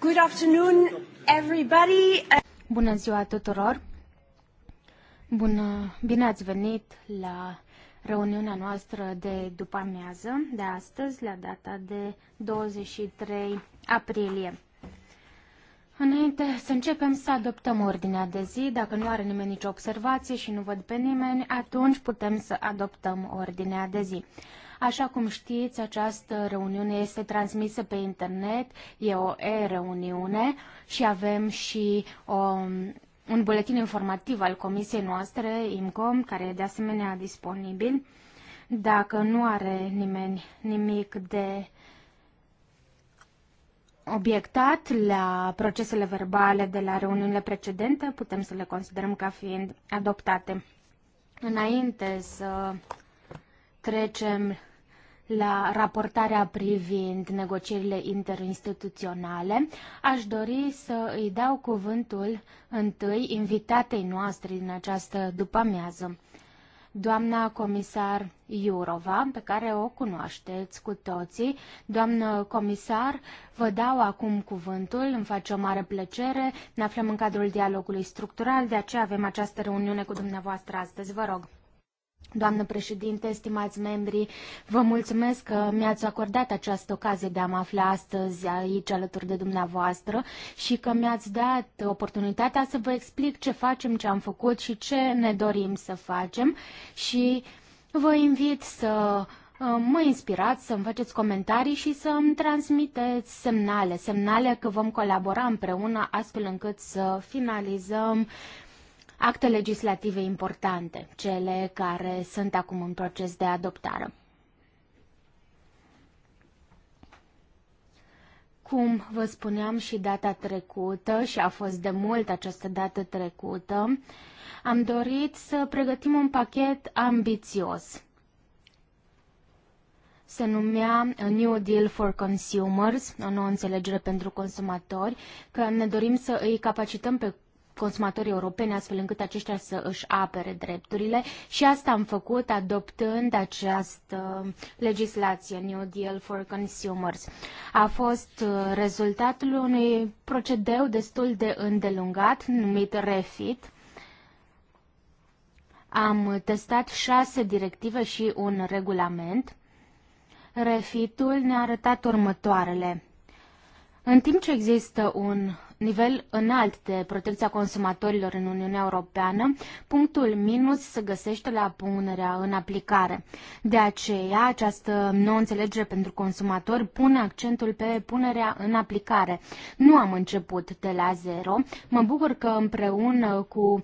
Good afternoon, everybody. Bună ziua tuturor! Bună, bine ați venit la reuniunea noastră de după amiază, de astăzi, la data de 23 aprilie. Înainte să începem să adoptăm ordinea de zi, dacă nu are nimeni nicio observație și nu văd pe nimeni, atunci putem să adoptăm ordinea de zi. Așa cum știți, această reuniune este transmisă pe internet, e o e-reuniune și avem și o, um, un buletin informativ al comisiei noastre, IMCOM, care e de asemenea disponibil. Dacă nu are nimeni nimic de obiectat la procesele verbale de la reuniunile precedente, putem să le considerăm ca fiind adoptate. Înainte să trecem la raportarea privind negocierile interinstituționale, aș dori să îi dau cuvântul întâi invitatei noastre din această după-amiază, doamna comisar Iurova, pe care o cunoașteți cu toții. Doamnă comisar, vă dau acum cuvântul, îmi face o mare plăcere, ne aflăm în cadrul dialogului structural, de aceea avem această reuniune cu dumneavoastră astăzi. Vă rog. Doamnă președinte, stimați membri, vă mulțumesc că mi-ați acordat această ocazie de a mă afla astăzi aici alături de dumneavoastră și că mi-ați dat oportunitatea să vă explic ce facem, ce am făcut și ce ne dorim să facem și vă invit să uh, mă inspirați să-mi faceți comentarii și să-mi transmiteți semnale, semnale că vom colabora împreună astfel încât să finalizăm uh, acte legislative importante, cele care sunt acum în proces de adoptare. Cum vă spuneam și data trecută, și a fost de mult această dată trecută, am dorit să pregătim un pachet ambițios. Se numea A New Deal for Consumers, o nouă înțelegere pentru consumatori, că ne dorim să îi capacităm pe consumatorii europeni, astfel încât aceștia să își apere drepturile și asta am făcut adoptând această legislație New Deal for Consumers. A fost uh, rezultatul unui procedeu destul de îndelungat numit REFIT. Am testat șase directive și un regulament. Refitul ne-a arătat următoarele. În timp ce există un nivel înalt de protecția consumatorilor în Uniunea Europeană, punctul minus se găsește la punerea în aplicare. De aceea, această nouă înțelegere pentru consumatori pune accentul pe punerea în aplicare. Nu am început de la zero. Mă bucur că împreună cu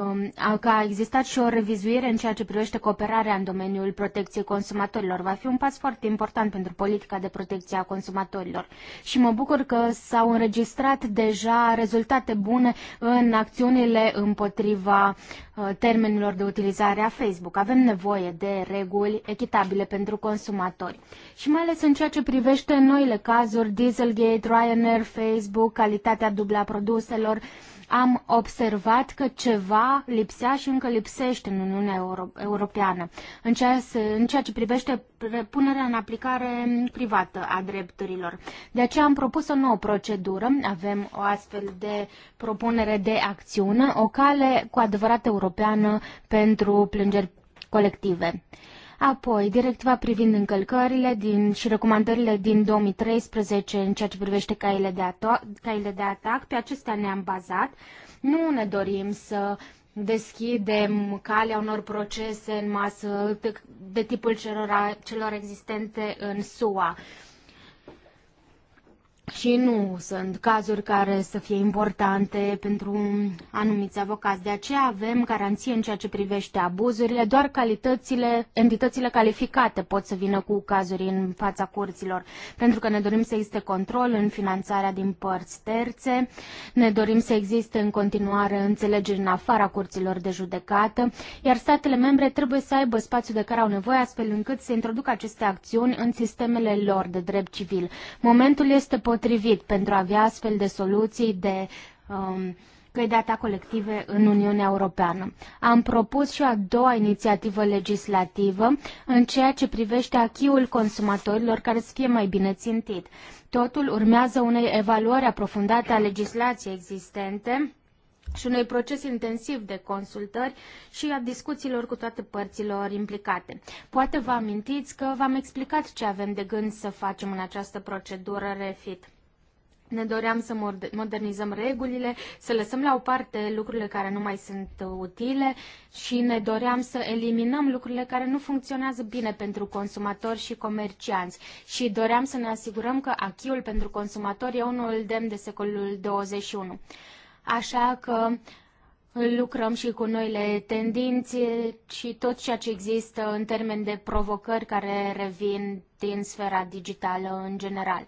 Um, că a existat și o revizuire în ceea ce privește cooperarea în domeniul protecției consumatorilor. Va fi un pas foarte important pentru politica de protecție a consumatorilor. Și mă bucur că s-au înregistrat deja rezultate bune în acțiunile împotriva uh, termenilor de utilizare a Facebook. Avem nevoie de reguli echitabile pentru consumatori. Și mai ales în ceea ce privește noile cazuri, Dieselgate, Ryanair, Facebook, calitatea dublă a produselor, am observat că ceva lipsea și încă lipsește în Uniunea Euro- Europeană în ceea, ce, în ceea ce privește punerea în aplicare privată a drepturilor. De aceea am propus o nouă procedură, avem o astfel de propunere de acțiune, o cale cu adevărat europeană pentru plângeri colective. Apoi, directiva privind încălcările din, și recomandările din 2013 în ceea ce privește caile de, ato- caile de atac, pe acestea ne-am bazat. Nu ne dorim să deschidem calea unor procese în masă de, de tipul celor, celor existente în SUA și nu sunt cazuri care să fie importante pentru anumiți avocați. De aceea avem garanție în ceea ce privește abuzurile, doar calitățile, entitățile calificate pot să vină cu cazuri în fața curților, pentru că ne dorim să existe control în finanțarea din părți terțe, ne dorim să existe în continuare înțelegeri în afara curților de judecată, iar statele membre trebuie să aibă spațiu de care au nevoie astfel încât să introducă aceste acțiuni în sistemele lor de drept civil. Momentul este potrivit pentru a avea astfel de soluții de um, căi colective în Uniunea Europeană. Am propus și a doua inițiativă legislativă în ceea ce privește achiul consumatorilor care să fie mai bine țintit. Totul urmează unei evaluări aprofundate a legislației existente și unui proces intensiv de consultări și a discuțiilor cu toate părților implicate. Poate vă amintiți că v-am explicat ce avem de gând să facem în această procedură refit. Ne doream să modernizăm regulile, să lăsăm la o parte lucrurile care nu mai sunt utile și ne doream să eliminăm lucrurile care nu funcționează bine pentru consumatori și comercianți și doream să ne asigurăm că achiul pentru consumatori e unul demn de secolul 21. Așa că lucrăm și cu noile tendințe și tot ceea ce există în termen de provocări care revin din sfera digitală în general.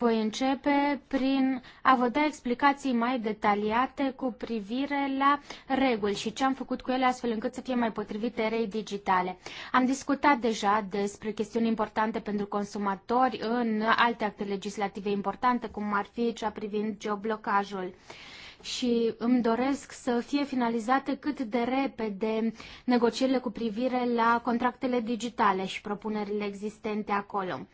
Voi începe prin a vă da explicații mai detaliate cu privire la reguli și ce am făcut cu ele astfel încât să fie mai potrivite erei digitale. Am discutat deja despre chestiuni importante pentru consumatori în alte acte legislative importante, cum ar fi cea privind geoblocajul și îmi doresc să fie finalizate cât de repede negocierile cu privire la contractele digitale și propunerile existente acolo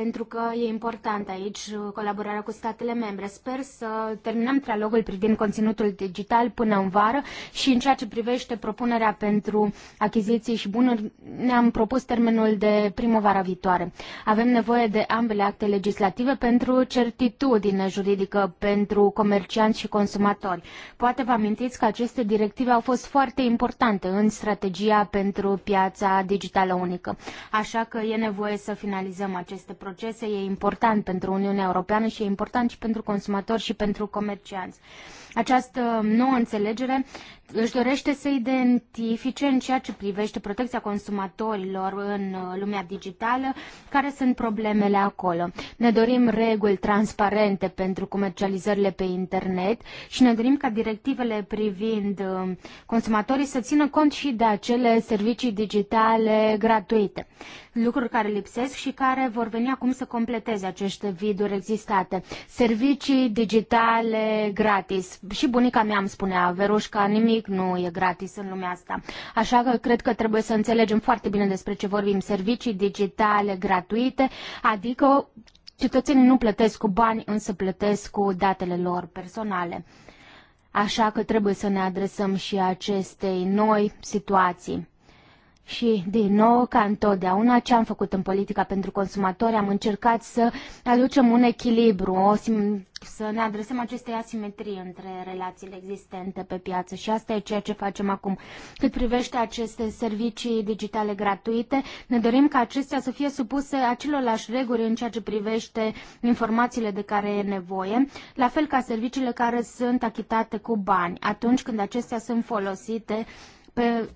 pentru că e important aici colaborarea cu statele membre. Sper să terminăm trialogul privind conținutul digital până în vară și în ceea ce privește propunerea pentru achiziții și bunuri, ne-am propus termenul de primăvara viitoare. Avem nevoie de ambele acte legislative pentru certitudine juridică pentru comercianți și consumatori. Poate vă amintiți că aceste directive au fost foarte importante în strategia pentru piața digitală unică, așa că e nevoie să finalizăm aceste procese e important pentru Uniunea Europeană și e important și pentru consumatori și pentru comercianți. Această nouă înțelegere își dorește să identifice în ceea ce privește protecția consumatorilor în uh, lumea digitală, care sunt problemele acolo. Ne dorim reguli transparente pentru comercializările pe internet și ne dorim ca directivele privind uh, consumatorii să țină cont și de acele servicii digitale gratuite, lucruri care lipsesc și care vor veni acum să completeze aceste viduri existate. Servicii digitale gratis, și bunica mea îmi spunea, Verușca, nimic nu e gratis în lumea asta. Așa că cred că trebuie să înțelegem foarte bine despre ce vorbim. Servicii digitale gratuite, adică cetățenii nu plătesc cu bani, însă plătesc cu datele lor personale. Așa că trebuie să ne adresăm și acestei noi situații. Și, din nou, ca întotdeauna, ce am făcut în politica pentru consumatori, am încercat să aducem un echilibru, o sim- să ne adresăm acestei asimetrii între relațiile existente pe piață și asta e ceea ce facem acum. Cât privește aceste servicii digitale gratuite, ne dorim ca acestea să fie supuse acelorlași reguli în ceea ce privește informațiile de care e nevoie, la fel ca serviciile care sunt achitate cu bani, atunci când acestea sunt folosite pe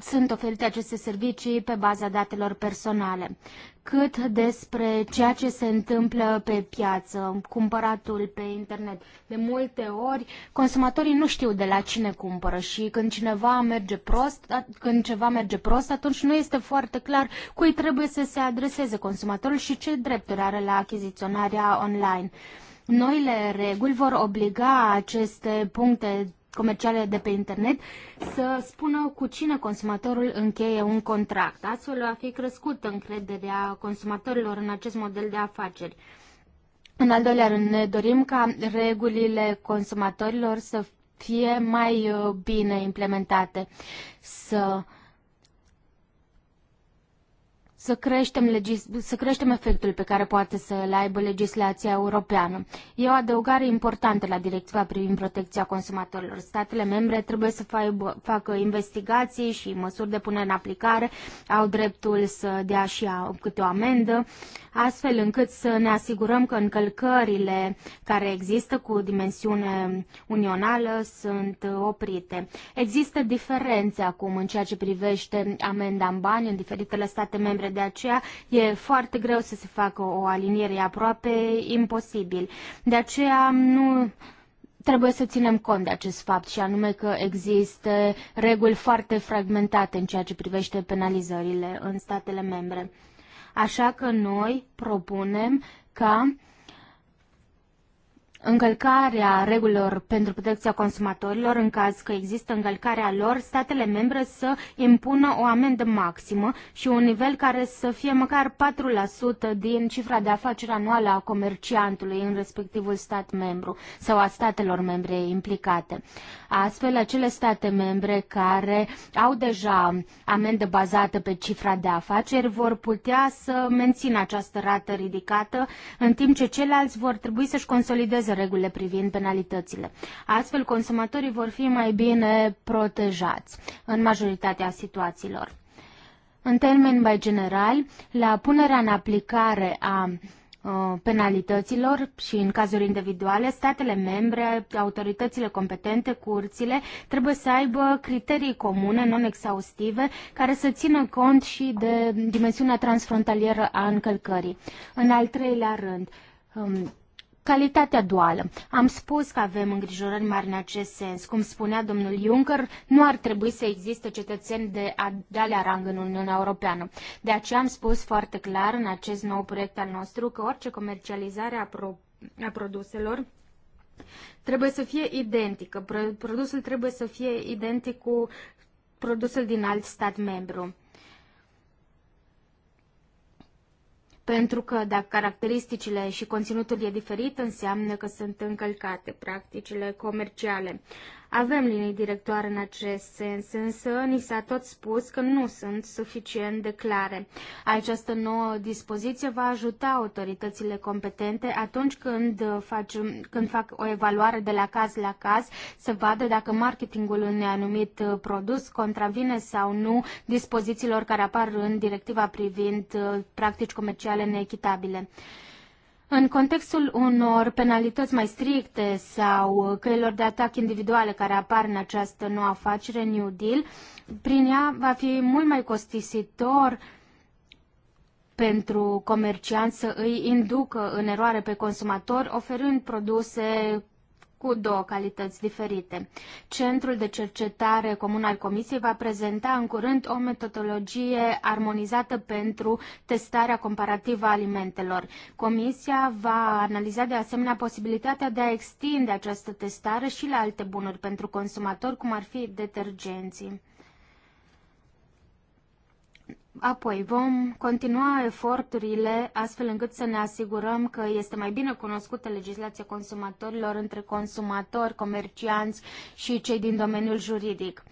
sunt oferite aceste servicii pe baza datelor personale. Cât despre ceea ce se întâmplă pe piață, cumpăratul pe internet, de multe ori consumatorii nu știu de la cine cumpără și când cineva merge prost, când ceva merge prost, atunci nu este foarte clar cui trebuie să se adreseze consumatorul și ce drepturi are la achiziționarea online. Noile reguli vor obliga aceste puncte comerciale de pe internet să spună cu cine consumatorul încheie un contract. Astfel va fi crescută încrederea consumatorilor în acest model de afaceri. În al doilea rând, ne dorim ca regulile consumatorilor să fie mai uh, bine implementate, să să creștem, să creștem efectul pe care poate să-l aibă legislația europeană. E o adăugare importantă la directiva privind protecția consumatorilor. Statele membre trebuie să faibă, facă investigații și măsuri de punere în aplicare, au dreptul să dea și câte o amendă, astfel încât să ne asigurăm că încălcările care există cu dimensiune unională sunt oprite. Există diferențe acum în ceea ce privește amenda în bani în diferitele state membre de aceea e foarte greu să se facă o aliniere, e aproape imposibil. De aceea nu trebuie să ținem cont de acest fapt și anume că există reguli foarte fragmentate în ceea ce privește penalizările în statele membre. Așa că noi propunem ca uh, încălcarea regulilor pentru protecția consumatorilor, în caz că există încălcarea lor, statele membre să impună o amendă maximă și un nivel care să fie măcar 4% din cifra de afaceri anuală a comerciantului în respectivul stat membru sau a statelor membre implicate. Astfel, acele state membre care au deja amendă bazată pe cifra de afaceri vor putea să mențină această rată ridicată, în timp ce ceilalți vor trebui să-și consolideze regulile privind penalitățile. Astfel, consumatorii vor fi mai bine protejați în majoritatea situațiilor. În termeni mai general, la punerea în aplicare a penalităților și în cazuri individuale, statele membre, autoritățile competente, curțile, trebuie să aibă criterii comune, non-exhaustive, care să țină cont și de dimensiunea transfrontalieră a încălcării. În al treilea rând, um, Calitatea duală. Am spus că avem îngrijorări mari în acest sens. Cum spunea domnul Juncker, nu ar trebui să existe cetățeni de alea rang în Uniunea Europeană. De aceea am spus foarte clar în acest nou proiect al nostru că orice comercializare a, pro- a produselor trebuie să fie identică. Produsul trebuie să fie identic cu produsul din alt stat membru. pentru că dacă caracteristicile și conținutul e diferit, înseamnă că sunt încălcate practicile comerciale. Avem linii directoare în acest sens, însă ni s-a tot spus că nu sunt suficient de clare. Această nouă dispoziție va ajuta autoritățile competente atunci când, uh, faci, când fac o evaluare de la caz la caz să vadă dacă marketingul unui anumit uh, produs contravine sau nu dispozițiilor care apar în directiva privind uh, practici comerciale neechitabile. În contextul unor penalități mai stricte sau căilor de atac individuale care apar în această nouă afacere, New Deal, prin ea va fi mult mai costisitor pentru comercianți să îi inducă în eroare pe consumator, oferând produse cu două calități diferite. Centrul de cercetare comun al Comisiei va prezenta în curând o metodologie armonizată pentru testarea comparativă a alimentelor. Comisia va analiza de asemenea posibilitatea de a extinde această testare și la alte bunuri pentru consumatori, cum ar fi detergenții. Apoi vom continua eforturile astfel încât să ne asigurăm că este mai bine cunoscută legislația consumatorilor între consumatori, comercianți și cei din domeniul juridic.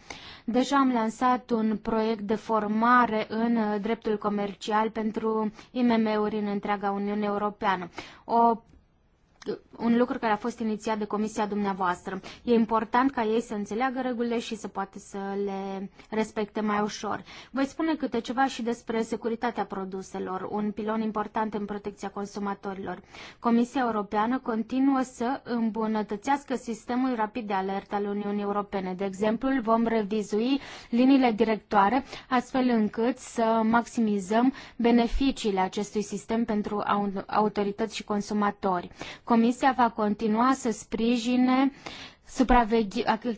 Deja am lansat un proiect de formare în dreptul comercial pentru IMM-uri în întreaga Uniune Europeană. O un lucru care a fost inițiat de comisia dumneavoastră. E important ca ei să înțeleagă regulile și să poată să le respecte mai ușor. Voi spune câte ceva și despre securitatea produselor, un pilon important în protecția consumatorilor. Comisia Europeană continuă să îmbunătățească sistemul rapid de alertă al Uniunii Europene. De exemplu, vom revizui liniile directoare astfel încât să maximizăm beneficiile acestui sistem pentru autorități și consumatori. Comisia va continua să sprijine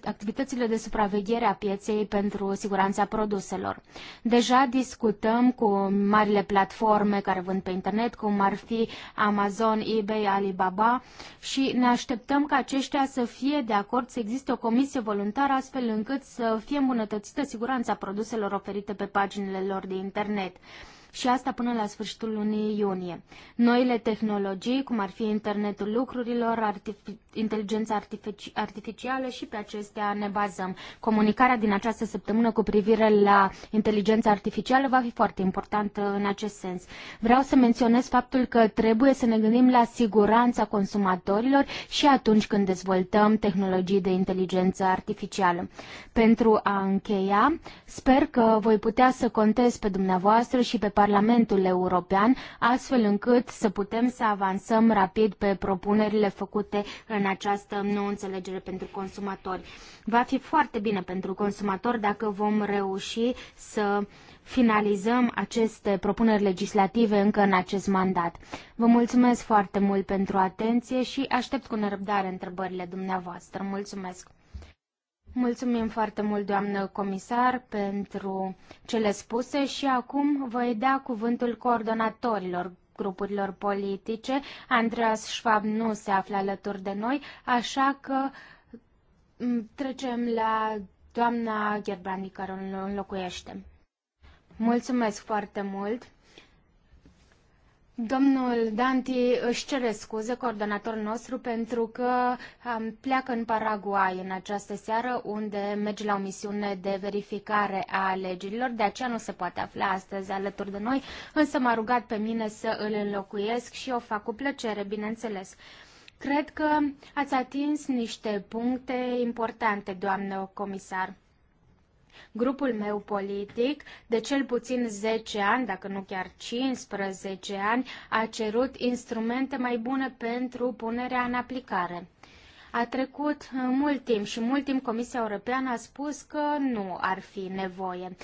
activitățile de supraveghere a pieței pentru siguranța produselor. Deja discutăm cu marile platforme care vând pe internet, cum ar fi Amazon, eBay, Alibaba și ne așteptăm ca aceștia să fie de acord să existe o comisie voluntară astfel încât să fie îmbunătățită siguranța produselor oferite pe paginile lor de internet și asta până la sfârșitul lunii iunie. Noile tehnologii, cum ar fi internetul lucrurilor, artific inteligența artifici artificială și pe acestea ne bazăm. Comunicarea din această săptămână cu privire la inteligența artificială va fi foarte importantă în acest sens. Vreau să menționez faptul că trebuie să ne gândim la siguranța consumatorilor și atunci când dezvoltăm tehnologii de inteligență artificială. Pentru a încheia, sper că voi putea să contez pe dumneavoastră și pe Parlamentul European, astfel încât să putem să avansăm rapid pe propunerile făcute în această nouă înțelegere pentru consumatori. Va fi foarte bine pentru consumatori dacă vom reuși să finalizăm aceste propuneri legislative încă în acest mandat. Vă mulțumesc foarte mult pentru atenție și aștept cu nerăbdare întrebările dumneavoastră. Mulțumesc! Mulțumim foarte mult, doamnă comisar, pentru cele spuse și acum voi da cuvântul coordonatorilor grupurilor politice. Andreas Schwab nu se află alături de noi, așa că mm, trecem la doamna Gerbrandi, care o înlocuiește. Mulțumesc foarte mult! Domnul Danti își cere scuze, coordonator nostru, pentru că um, pleacă în Paraguay în această seară, unde merge la o misiune de verificare a alegerilor, de aceea nu se poate afla astăzi alături de noi, însă m-a rugat pe mine să îl înlocuiesc și o fac cu plăcere, bineînțeles. Cred că ați atins niște puncte importante, doamnă comisar. Grupul meu politic, de cel puțin 10 ani, dacă nu chiar 15 ani, a cerut instrumente mai bune pentru punerea în aplicare. A trecut uh, mult timp și mult timp Comisia Europeană a spus că nu ar fi nevoie.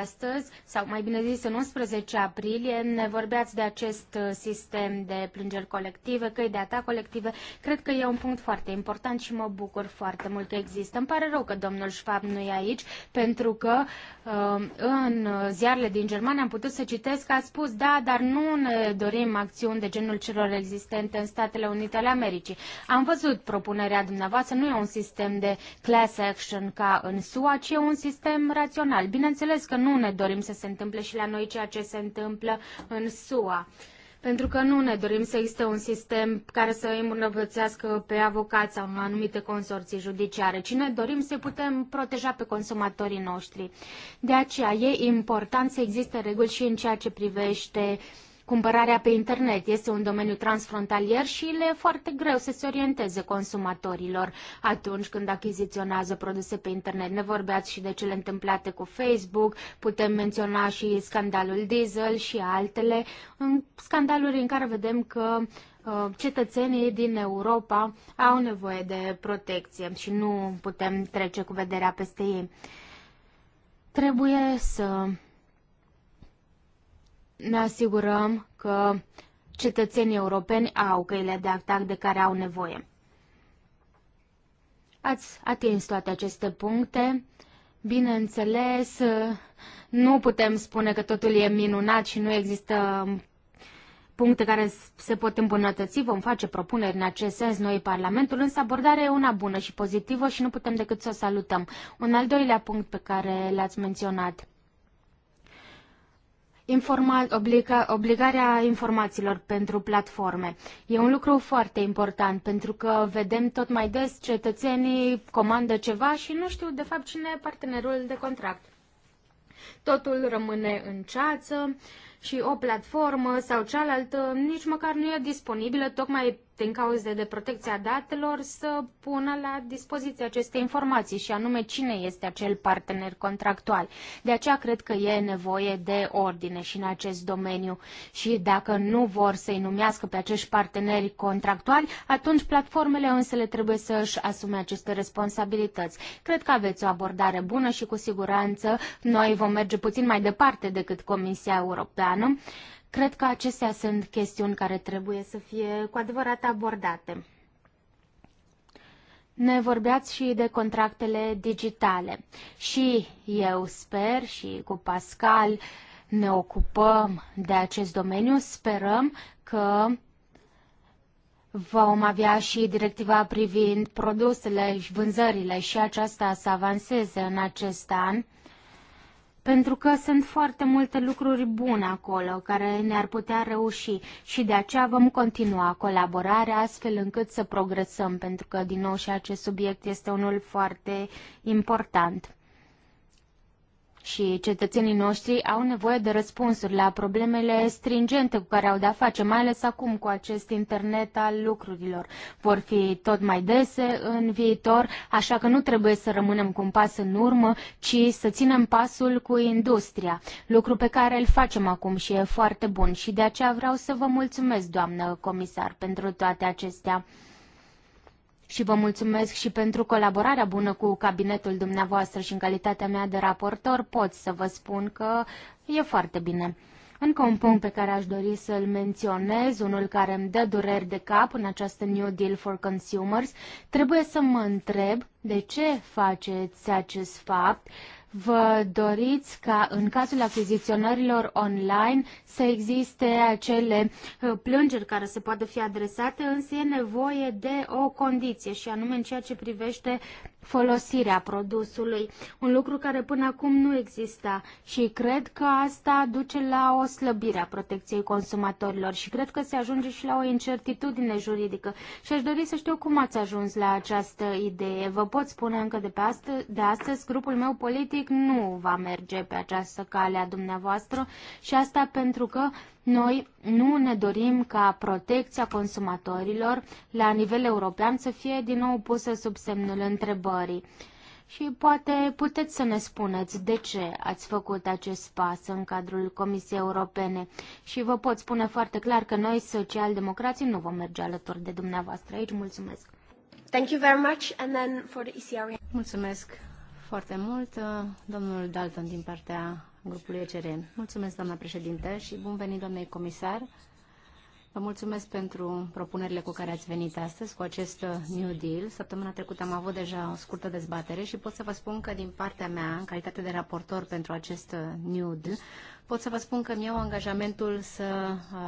Astăzi, sau mai bine zis în 11 aprilie, ne vorbeați de acest uh, sistem de plângeri colective, căi de atac colective. Cred că e un punct foarte important și mă bucur foarte mult că există. Îmi pare rău că domnul Schwab nu e aici, pentru că uh, în ziarele din Germania am putut să citesc că a spus da, dar nu ne dorim acțiuni de genul celor existente în Statele Unite ale Americii. Am văzut propunerea părerea dumneavoastră nu e un sistem de class action ca în SUA, ci e un sistem rațional. Bineînțeles că nu ne dorim să se întâmple și la noi ceea ce se întâmplă în SUA pentru că nu ne dorim să existe un sistem care să îi îmbunătățească pe avocați sau în anumite consorții judiciare, ci ne dorim să putem proteja pe consumatorii noștri. De aceea e important să existe reguli și în ceea ce privește Cumpărarea pe internet este un domeniu transfrontalier și le e foarte greu să se orienteze consumatorilor atunci când achiziționează produse pe internet. Ne vorbeați și de cele întâmplate cu Facebook, putem menționa și scandalul diesel și altele, scandaluri în care vedem că uh, cetățenii din Europa au nevoie de protecție și nu putem trece cu vederea peste ei. Trebuie să ne asigurăm că cetățenii europeni au căile de atac de care au nevoie. Ați atins toate aceste puncte. Bineînțeles, nu putem spune că totul e minunat și nu există puncte care se pot îmbunătăți. Vom face propuneri în acest sens noi Parlamentul, însă abordarea e una bună și pozitivă și nu putem decât să o salutăm. Un al doilea punct pe care l-ați menționat informa- obliga- obligarea informațiilor pentru platforme. E un lucru foarte important pentru că vedem tot mai des cetățenii comandă ceva și nu știu de fapt cine e partenerul de contract. Totul rămâne în ceață și o platformă sau cealaltă nici măcar nu e disponibilă tocmai din cauze de protecția datelor, să pună la dispoziție aceste informații și anume cine este acel partener contractual. De aceea cred că e nevoie de ordine și în acest domeniu și dacă nu vor să-i numească pe acești parteneri contractuali, atunci platformele însă le trebuie să-și asume aceste responsabilități. Cred că aveți o abordare bună și cu siguranță noi vom merge puțin mai departe decât Comisia Europeană Cred că acestea sunt chestiuni care trebuie să fie cu adevărat abordate. Ne vorbeați și de contractele digitale. Și eu sper și cu Pascal ne ocupăm de acest domeniu. Sperăm că vom avea și directiva privind produsele și vânzările și aceasta să avanseze în acest an pentru că sunt foarte multe lucruri bune acolo care ne-ar putea reuși și de aceea vom continua colaborarea astfel încât să progresăm, pentru că, din nou, și acest subiect este unul foarte important și cetățenii noștri au nevoie de răspunsuri la problemele stringente cu care au de-a face, mai ales acum cu acest internet al lucrurilor. Vor fi tot mai dese în viitor, așa că nu trebuie să rămânem cu un pas în urmă, ci să ținem pasul cu industria, lucru pe care îl facem acum și e foarte bun și de aceea vreau să vă mulțumesc, doamnă comisar, pentru toate acestea și vă mulțumesc și pentru colaborarea bună cu cabinetul dumneavoastră și în calitatea mea de raportor pot să vă spun că e foarte bine. Încă un punct pe care aș dori să-l menționez, unul care îmi dă dureri de cap în această New Deal for Consumers, trebuie să mă întreb de ce faceți acest fapt, Vă doriți ca în cazul achiziționărilor online să existe acele uh, plângeri care se poate fi adresate, însă e nevoie de o condiție și anume în ceea ce privește folosirea produsului, un lucru care până acum nu exista și cred că asta duce la o slăbire a protecției consumatorilor și cred că se ajunge și la o incertitudine juridică și aș dori să știu cum ați ajuns la această idee. Vă pot spune încă de, pe astă, de astăzi, grupul meu politic nu va merge pe această cale a dumneavoastră și asta pentru că noi nu ne dorim ca protecția consumatorilor la nivel european să fie din nou pusă sub semnul întrebării. Și poate puteți să ne spuneți de ce ați făcut acest pas în cadrul Comisiei Europene. Și vă pot spune foarte clar că noi, socialdemocrații, nu vom merge alături de dumneavoastră aici. Mulțumesc! Thank you very much. And then for the ECR... Mulțumesc foarte mult, domnul Dalton, din partea grupului ECR. Mulțumesc, doamna președinte și bun venit, doamnei comisar. Vă mulțumesc pentru propunerile cu care ați venit astăzi cu acest uh, New Deal. Săptămâna trecută am avut deja o scurtă dezbatere și pot să vă spun că din partea mea, în calitate de raportor pentru acest uh, New Deal, pot să vă spun că mi au angajamentul să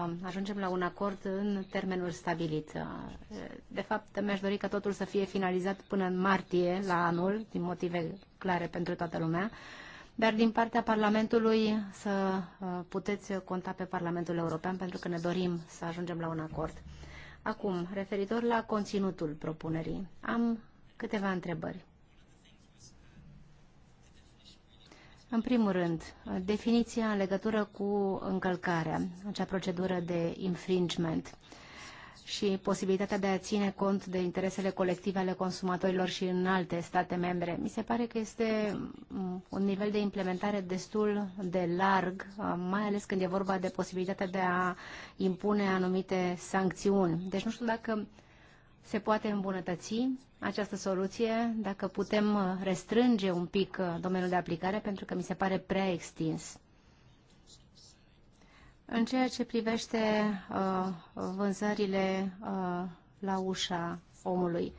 uh, ajungem la un acord în termenul stabilit. De fapt, mi-aș dori ca totul să fie finalizat până în martie la anul, din motive clare pentru toată lumea dar din partea Parlamentului să uh, puteți conta pe Parlamentul European pentru că ne dorim să ajungem la un acord. Acum, referitor la conținutul propunerii, am câteva întrebări. În primul rând, definiția în legătură cu încălcarea, acea procedură de infringement. Uh, și posibilitatea de a ține cont de interesele colective ale consumatorilor și în alte state membre. Mi se pare că este un nivel de implementare destul de larg, mai ales când e vorba de posibilitatea de a impune anumite sancțiuni. Deci nu știu dacă se poate îmbunătăți această soluție, dacă putem restrânge un pic domeniul de aplicare, pentru că mi se pare prea extins. În ceea ce privește uh, vânzările uh, la ușa omului,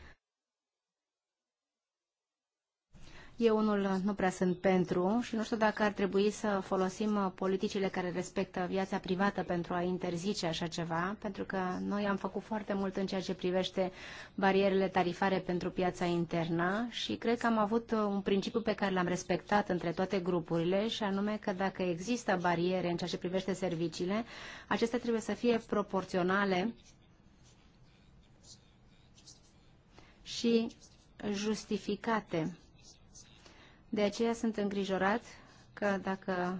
Eu unul nu prea sunt pentru și nu știu dacă ar trebui să folosim uh, politicile care respectă viața privată pentru a interzice așa ceva, pentru că noi am făcut foarte mult în ceea ce privește barierele tarifare pentru piața internă și cred că am avut uh, un principiu pe care l-am respectat între toate grupurile și anume că dacă există bariere în ceea ce privește serviciile, acestea trebuie să fie proporționale și justificate de aceea sunt îngrijorat că dacă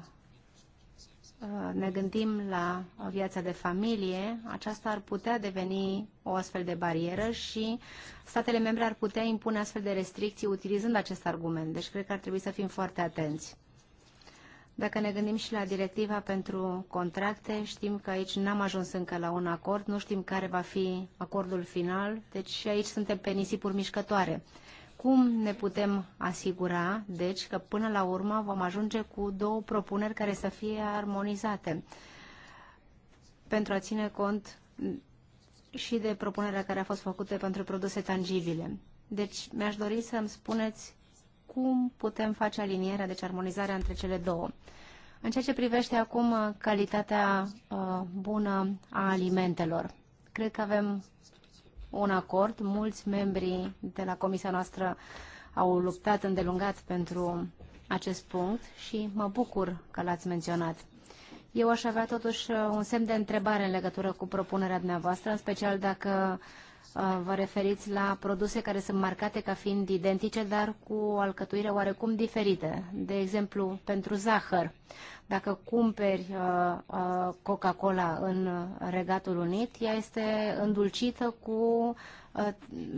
uh, ne gândim la o viață de familie, aceasta ar putea deveni o astfel de barieră și statele membre ar putea impune astfel de restricții utilizând acest argument. Deci cred că ar trebui să fim foarte atenți. Dacă ne gândim și la directiva pentru contracte, știm că aici n-am ajuns încă la un acord, nu știm care va fi acordul final, deci și aici suntem pe nisipuri mișcătoare. Cum ne putem asigura, deci, că până la urmă vom ajunge cu două propuneri care să fie armonizate pentru a ține cont și de propunerea care a fost făcută pentru produse tangibile. Deci, mi-aș dori să-mi spuneți cum putem face alinierea, deci armonizarea între cele două. În ceea ce privește acum calitatea uh, bună a alimentelor, cred că avem un acord. Mulți membri de la comisia noastră au luptat îndelungat pentru acest punct și mă bucur că l-ați menționat. Eu aș avea totuși un semn de întrebare în legătură cu propunerea dumneavoastră, în special dacă uh, Uh, vă referiți la produse care sunt marcate ca fiind identice, dar cu o alcătuire oarecum diferită. De exemplu, pentru zahăr, dacă cumperi uh, uh, Coca-Cola în Regatul Unit, ea este îndulcită cu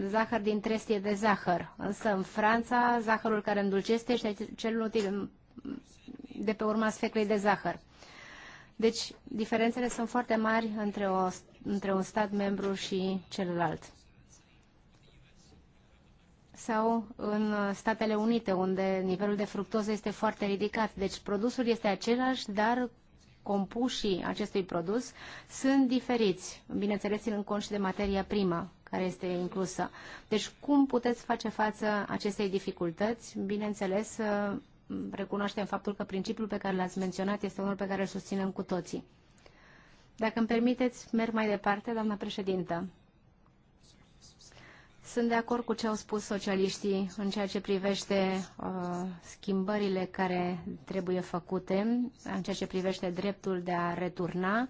zahăr din trestie de zahăr. Însă în Franța, zahărul care îndulcește este cel util de pe urma sfeclei de zahăr. Deci, diferențele sunt foarte mari între o între un stat membru și celălalt. Sau în Statele Unite, unde nivelul de fructoză este foarte ridicat. Deci produsul este același, dar compușii acestui produs sunt diferiți, bineînțeles în conș de materia primă care este inclusă. Deci cum puteți face față acestei dificultăți? Bineînțeles, recunoaștem faptul că principiul pe care l-ați menționat este unul pe care îl susținem cu toții. Dacă îmi permiteți, merg mai departe, doamna președintă. Sunt de acord cu ce au spus socialiștii în ceea ce privește uh, schimbările care trebuie făcute, în ceea ce privește dreptul de a returna,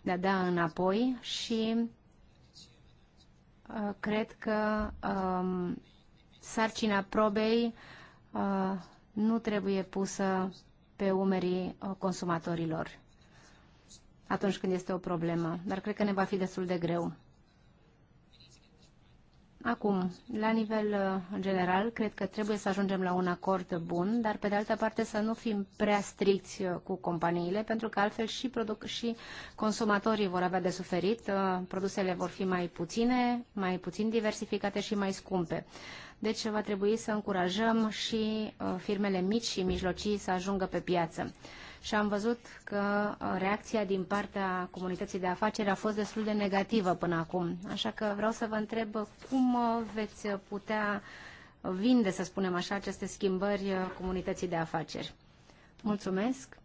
de a da înapoi și uh, cred că uh, sarcina probei uh, nu trebuie pusă pe umerii uh, consumatorilor atunci când este o problemă, dar cred că ne va fi destul de greu. Acum, la nivel uh, general, cred că trebuie să ajungem la un acord bun, dar pe de altă parte să nu fim prea stricți uh, cu companiile, pentru că altfel și, produc, și consumatorii vor avea de suferit, uh, produsele vor fi mai puține, mai puțin diversificate și mai scumpe. Deci va trebui să încurajăm și firmele mici și mijlocii să ajungă pe piață și am văzut că uh, reacția din partea comunității de afaceri a fost destul de negativă până acum. Așa că vreau să vă întreb uh, cum uh, veți putea vinde, să spunem așa, aceste schimbări comunității de afaceri. Mulțumesc!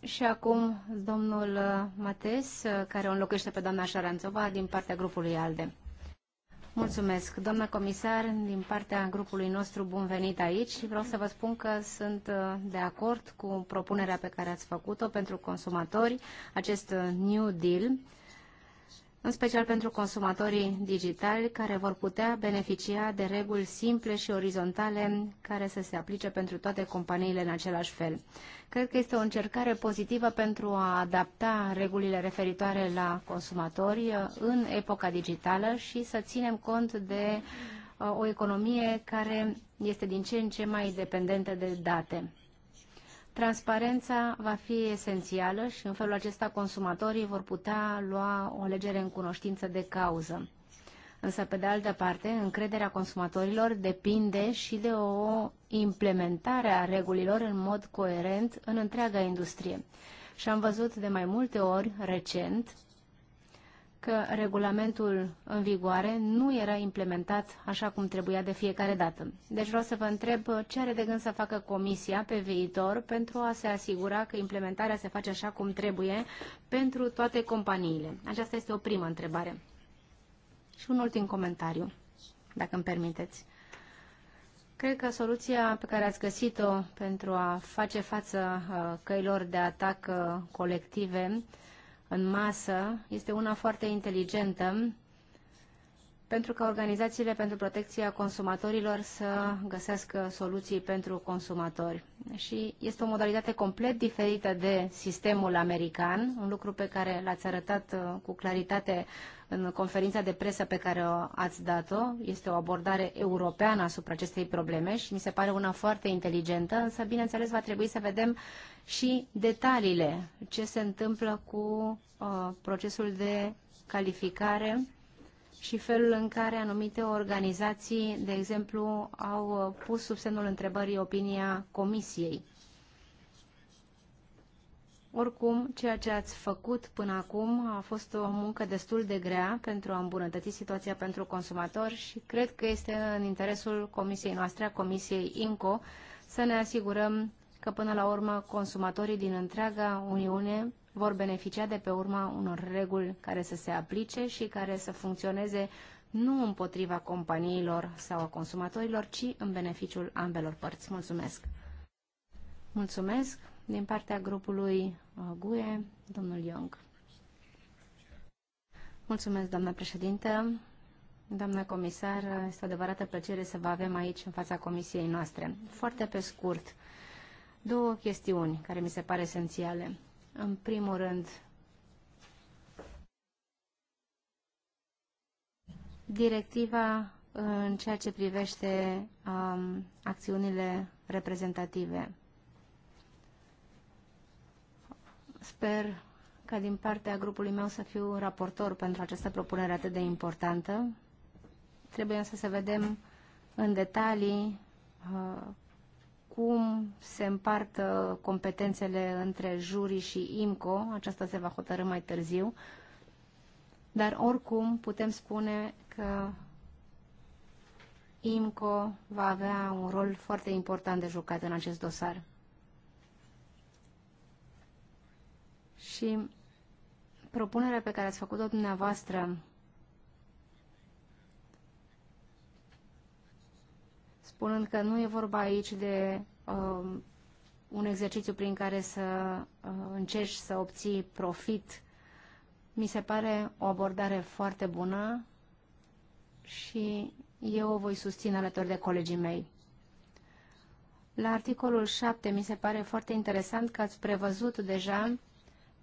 Și acum domnul Mates, care o înlocuiește pe doamna Șaranțova din partea grupului ALDE. Mulțumesc, doamnă comisar, din partea grupului nostru bun venit aici. Vreau să vă spun că sunt uh, de acord cu propunerea pe care ați făcut-o pentru consumatori, acest uh, New Deal în special pentru consumatorii digitali care vor putea beneficia de reguli simple și orizontale care să se aplice pentru toate companiile în același fel. Cred că este o încercare pozitivă pentru a adapta regulile referitoare la consumatori uh, în epoca digitală și să ținem cont de uh, o economie care este din ce în ce mai dependentă de date. Transparența va fi esențială și în felul acesta consumatorii vor putea lua o alegere în cunoștință de cauză. Însă, pe de altă parte, încrederea consumatorilor depinde și de o implementare a regulilor în mod coerent în întreaga industrie. Și am văzut de mai multe ori recent că regulamentul în vigoare nu era implementat așa cum trebuia de fiecare dată. Deci vreau să vă întreb ce are de gând să facă Comisia pe viitor pentru a se asigura că implementarea se face așa cum trebuie pentru toate companiile. Aceasta este o primă întrebare. Și un ultim comentariu, dacă îmi permiteți. Cred că soluția pe care ați găsit-o pentru a face față uh, căilor de atac uh, colective în masă este una foarte inteligentă pentru ca organizațiile pentru protecția consumatorilor să găsească soluții pentru consumatori. Și este o modalitate complet diferită de sistemul american, un lucru pe care l-ați arătat uh, cu claritate în conferința de presă pe care o ați dat-o. Este o abordare europeană asupra acestei probleme și mi se pare una foarte inteligentă, însă, bineînțeles, va trebui să vedem și detaliile, ce se întâmplă cu uh, procesul de calificare și felul în care anumite organizații, de exemplu, au uh, pus sub semnul întrebării opinia comisiei. Oricum, ceea ce ați făcut până acum a fost o muncă destul de grea pentru a îmbunătăți situația pentru consumator și cred că este în interesul comisiei noastre, a comisiei INCO, să ne asigurăm că până la urmă consumatorii din întreaga Uniune vor beneficia de pe urma unor reguli care să se aplice și care să funcționeze nu împotriva companiilor sau a consumatorilor, ci în beneficiul ambelor părți. Mulțumesc! Mulțumesc din partea grupului uh, GUE, domnul Young. Mulțumesc, doamna președintă. Doamna comisar, este o adevărată plăcere să vă avem aici în fața comisiei noastre. Foarte pe scurt, două chestiuni care mi se pare esențiale. În primul rând, directiva în ceea ce privește um, acțiunile reprezentative. Sper ca din partea grupului meu să fiu raportor pentru această propunere atât de importantă. Trebuie însă să vedem în detalii uh, cum se împart competențele între juri și IMCO, aceasta se va hotărâ mai târziu, dar oricum putem spune că IMCO va avea un rol foarte important de jucat în acest dosar. Și propunerea pe care ați făcut-o dumneavoastră spunând că nu e vorba aici de uh, un exercițiu prin care să uh, încerci să obții profit. Mi se pare o abordare foarte bună și eu o voi susține alături de colegii mei. La articolul 7 mi se pare foarte interesant că ați prevăzut deja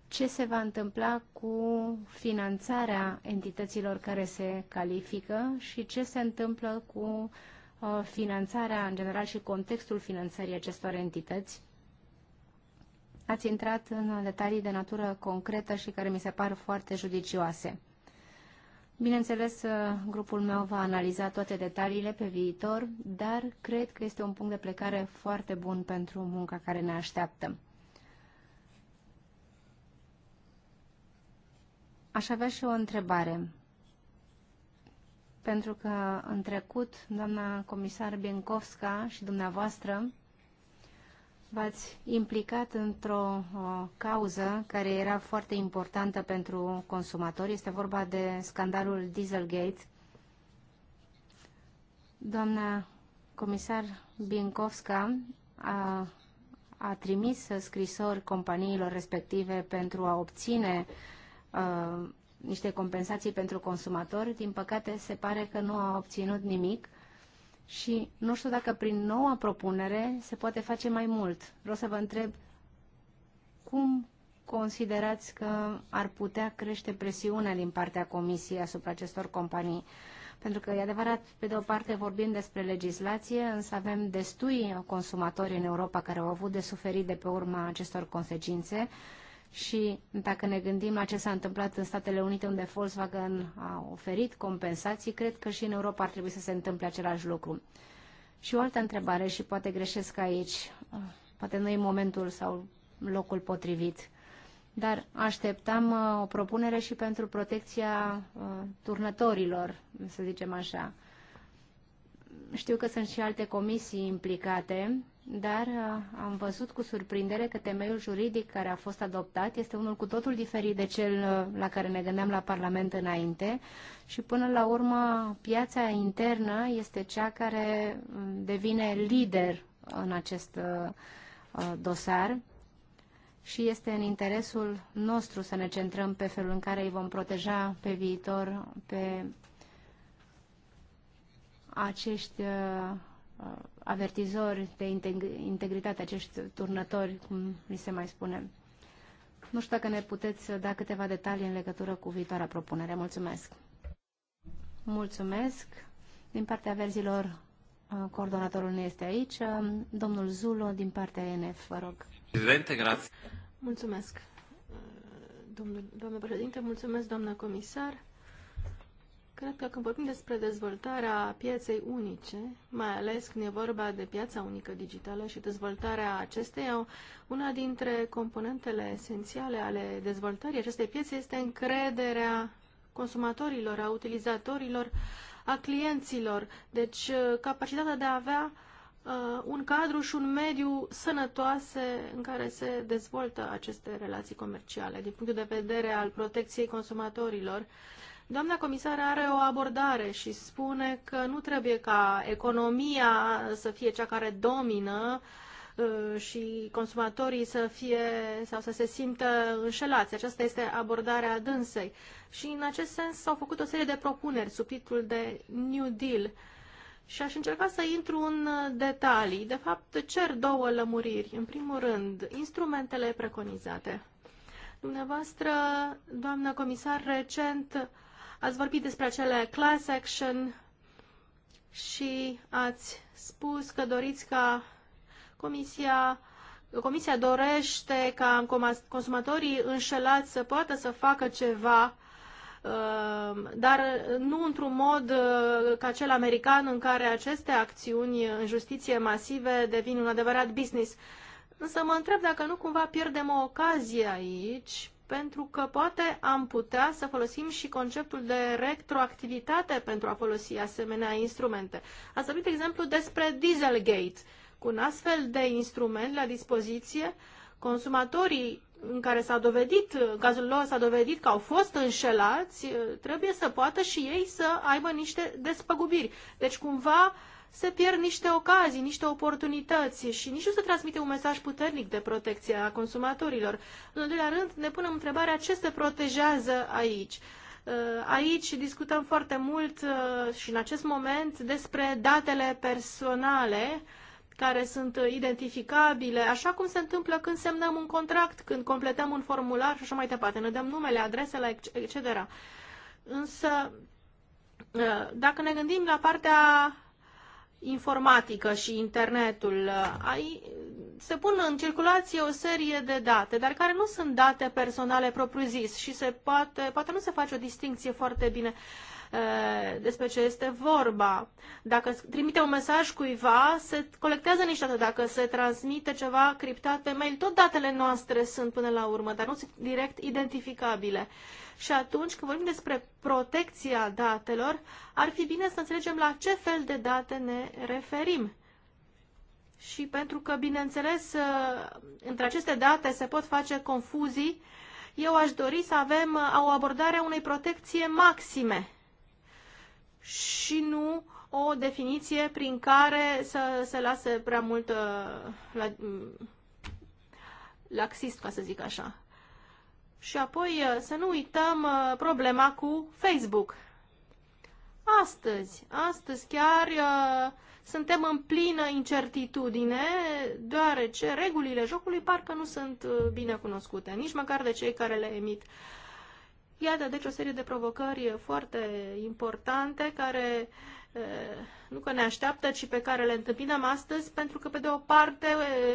ce se va întâmpla cu finanțarea entităților care se califică și ce se întâmplă cu uh, Uh, finanțarea în general și contextul finanțării acestor entități. Ați intrat în detalii de natură concretă și care mi se par foarte judicioase. Bineînțeles, uh, grupul meu va analiza toate detaliile pe viitor, dar cred că este un punct de plecare foarte bun pentru munca care ne așteaptă. Aș avea și o întrebare pentru că în trecut, doamna comisar Bienkovska și dumneavoastră v-ați implicat într-o uh, cauză care era foarte importantă pentru consumatori. Este vorba de scandalul Dieselgate. Doamna comisar Bienkovska a, a trimis scrisori companiilor respective pentru a obține uh, niște compensații pentru consumatori, din păcate se pare că nu a obținut nimic și nu știu dacă prin noua propunere se poate face mai mult. Vreau să vă întreb cum considerați că ar putea crește presiunea din partea Comisiei asupra acestor companii? Pentru că, e adevărat, pe de o parte vorbim despre legislație, însă avem destui consumatori în Europa care au avut de suferit de pe urma acestor consecințe și dacă ne gândim la ce s-a întâmplat în Statele Unite unde Volkswagen a oferit compensații, cred că și în Europa ar trebui să se întâmple același lucru. Și o altă întrebare și poate greșesc aici, poate nu e momentul sau locul potrivit, dar așteptam uh, o propunere și pentru protecția uh, turnătorilor, să zicem așa. Știu că sunt și alte comisii implicate dar uh, am văzut cu surprindere că temeiul juridic care a fost adoptat este unul cu totul diferit de cel uh, la care ne gândeam la Parlament înainte și până la urmă piața internă este cea care um, devine lider în acest uh, dosar și este în interesul nostru să ne centrăm pe felul în care îi vom proteja pe viitor pe acești Uh, avertizori de integritate, acești turnători, cum li se mai spune. Nu știu dacă ne puteți uh, da câteva detalii în legătură cu viitoarea propunere. Mulțumesc! Mulțumesc! Din partea verzilor, uh, coordonatorul nu este aici. Domnul Zulo, din partea ENF, vă rog. Prezidente, grație. Mulțumesc, domnul, domnul președinte, mulțumesc, doamnă comisar. Cred că când vorbim despre dezvoltarea pieței unice, mai ales când e vorba de piața unică digitală și dezvoltarea acesteia, una dintre componentele esențiale ale dezvoltării acestei piețe este încrederea consumatorilor, a utilizatorilor, a clienților. Deci uh, capacitatea de a avea uh, un cadru și un mediu sănătoase în care se dezvoltă aceste relații comerciale din punctul de vedere al protecției consumatorilor. Uh, Doamna comisar are o abordare și spune că nu trebuie ca economia să fie cea care domină uh, și consumatorii să fie sau să se simtă înșelați. Aceasta este abordarea dânsei. Și în acest sens s-au făcut o serie de propuneri sub titlul de New Deal. Și aș încerca să intru în detalii. De fapt, cer două lămuriri. În primul rând, instrumentele preconizate. Dumneavoastră, doamnă comisar, recent uh, Ați vorbit despre acele class action și ați spus că doriți ca Comisia Comisia dorește ca consumatorii înșelați să poată să facă ceva, uh, dar nu într-un mod uh, ca cel american în care aceste acțiuni în justiție masive devin un adevărat business. Însă mă întreb dacă nu cumva pierdem o ocazie aici pentru că poate am putea să folosim și conceptul de retroactivitate pentru a folosi asemenea instrumente. Ați vorbit, de exemplu, despre Dieselgate. Cu un astfel de instrument la dispoziție, consumatorii în care s-a dovedit, în cazul lor s-a dovedit că au fost înșelați, trebuie să poată și ei să aibă niște despăgubiri. Deci, cumva, se pierd niște ocazii, niște oportunități și nici nu se transmite un mesaj puternic de protecție a consumatorilor. În doilea rând, ne punem întrebarea ce se protejează aici. Uh, aici discutăm foarte mult uh, și în acest moment despre datele personale care sunt identificabile, așa cum se întâmplă când semnăm un contract, când completăm un formular și așa mai departe, ne dăm numele, adresele, etc. Însă, uh, dacă ne gândim la partea informatică și internetul. Ai, se pun în circulație o serie de date, dar care nu sunt date personale propriu-zis și se poate, poate nu se face o distinție foarte bine despre ce este vorba. Dacă trimite un mesaj cuiva, se colectează niște date. Dacă se transmite ceva criptat pe mail, tot datele noastre sunt până la urmă, dar nu sunt direct identificabile. Și atunci când vorbim despre protecția datelor, ar fi bine să înțelegem la ce fel de date ne referim. Și pentru că, bineînțeles, ă, între aceste date se pot face confuzii, eu aș dori să avem ă, o abordare a unei protecție maxime și nu o definiție prin care să se lase prea mult ă, la, laxist, ca să zic așa. Și apoi uh, să nu uităm uh, problema cu Facebook. Astăzi, astăzi chiar uh, suntem în plină incertitudine, deoarece regulile jocului parcă nu sunt bine cunoscute, nici măcar de cei care le emit. Iată, deci, o serie de provocări foarte importante care nu că ne așteaptă, ci pe care le întâmpinăm astăzi, pentru că, pe de o parte,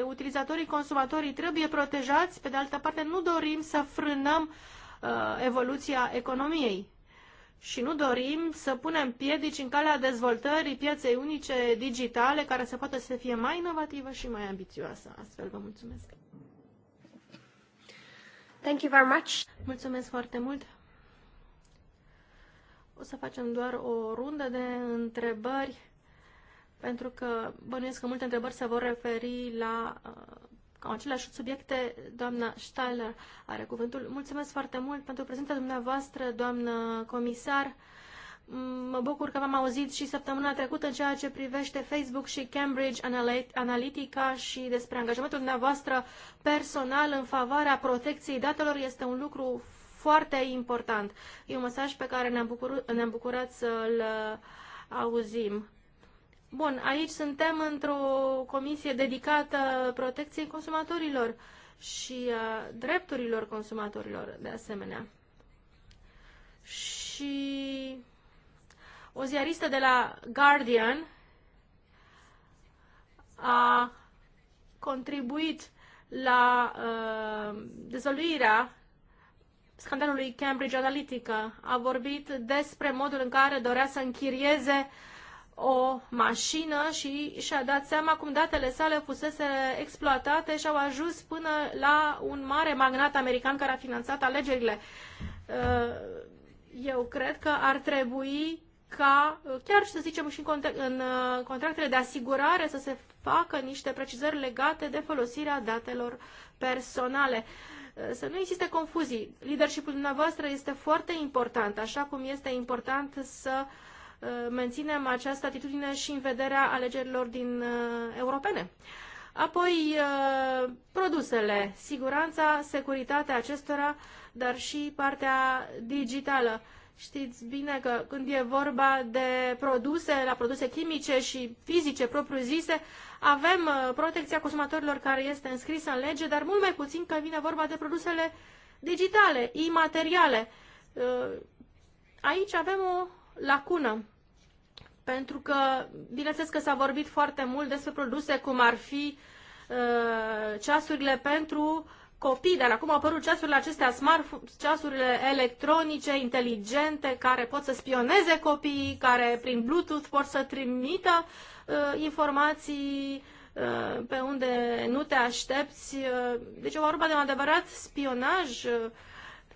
utilizatorii, consumatorii trebuie protejați, pe de altă parte, nu dorim să frânăm evoluția economiei și nu dorim să punem piedici în calea dezvoltării pieței unice digitale care să poată să fie mai inovativă și mai ambițioasă. Astfel vă mulțumesc. Thank you very much. Mulțumesc foarte mult. O să facem doar o rundă de întrebări, pentru că bănuiesc că multe întrebări se vor referi la uh, cam aceleași subiecte. Doamna Steiler are cuvântul. Mulțumesc foarte mult pentru prezența dumneavoastră, doamnă comisar. Mm, mă bucur că v-am auzit și săptămâna trecută în ceea ce privește Facebook și Cambridge Analytica și despre angajamentul dumneavoastră personal în favoarea protecției datelor. Este un lucru foarte important. E un mesaj pe care ne-am bucurat, ne bucurat să-l uh, auzim. Bun, aici suntem într-o comisie dedicată protecției consumatorilor și a uh, drepturilor consumatorilor, de asemenea. Și o ziaristă de la Guardian a contribuit la uh, dezvăluirea scandalului Cambridge Analytica. A vorbit despre modul în care dorea să închirieze o mașină și și-a dat seama cum datele sale fusese exploatate și au ajuns până la un mare magnat american care a finanțat alegerile. Uh, eu cred că ar trebui ca, uh, chiar și să zicem și în, în uh, contractele de asigurare, să se facă niște precizări legate de folosirea datelor personale. Uh, să nu existe confuzii. Leadershipul dumneavoastră este foarte important, așa cum este important să uh, menținem această atitudine și în vederea alegerilor din uh, europene. Apoi, uh, produsele, siguranța, securitatea acestora, dar și partea digitală. Știți bine că când e vorba de produse, la produse chimice și fizice propriu-zise, avem uh, protecția consumatorilor care este înscrisă în lege, dar mult mai puțin când vine vorba de produsele digitale, imateriale. Uh, aici avem o lacună, pentru că, bineînțeles că s-a vorbit foarte mult despre produse cum ar fi uh, ceasurile pentru uh, copii, dar acum au apărut ceasurile acestea smart, ceasurile electronice, inteligente, care pot să spioneze copiii, care prin Bluetooth pot să trimită uh, informații uh, pe unde nu te aștepți. Uh, deci e vorba de un adevărat spionaj uh,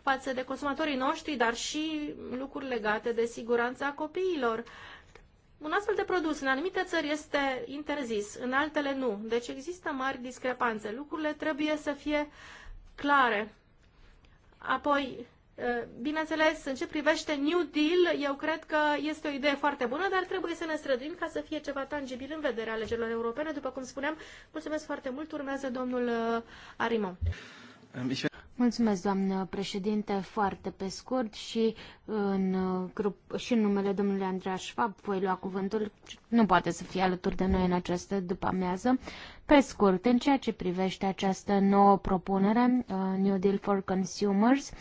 față de consumatorii noștri, dar și lucruri legate de siguranța copiilor. Uh, un astfel de produs în anumite țări este interzis, în altele nu. Deci există mari discrepanțe. Lucrurile trebuie să fie clare. Apoi, bineînțeles, în ce privește New Deal, eu cred că este o idee foarte bună, dar trebuie să ne străduim ca să fie ceva tangibil în vederea alegerilor europene. După cum spuneam, mulțumesc foarte mult. Urmează domnul Arimo. Mulțumesc, doamnă președinte, foarte pe scurt și în, uh, grup, și în numele domnului Andreea Schwab voi lua cuvântul, nu poate să fie alături de noi în această după-amiază. Pe scurt, în ceea ce privește această nouă propunere, uh, New Deal for Consumers, uh,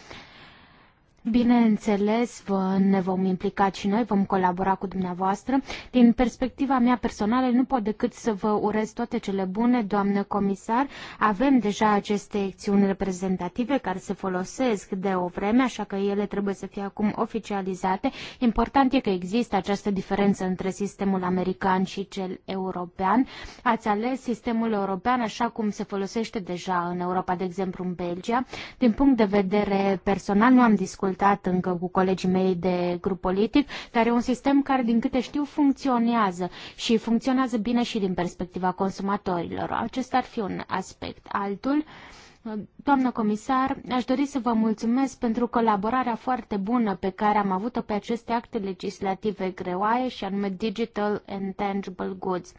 Bineînțeles, vă, ne vom implica și noi, vom colabora cu dumneavoastră. Din perspectiva mea personală, nu pot decât să vă urez toate cele bune, doamnă comisar. Avem deja aceste acțiuni reprezentative care se folosesc de o vreme, așa că ele trebuie să fie acum oficializate. Important e că există această diferență între sistemul american și cel european. Ați ales sistemul european așa cum se folosește deja în Europa, de exemplu în Belgia. Din punct de vedere personal, nu am discutat discutat încă cu colegii mei de grup politic, dar e un sistem care, din câte știu, funcționează și funcționează bine și din perspectiva consumatorilor. Acesta ar fi un aspect. Altul, Doamnă comisar, aș dori să vă mulțumesc pentru colaborarea foarte bună pe care am avut-o pe aceste acte legislative greoaie și anume Digital and Tangible Goods.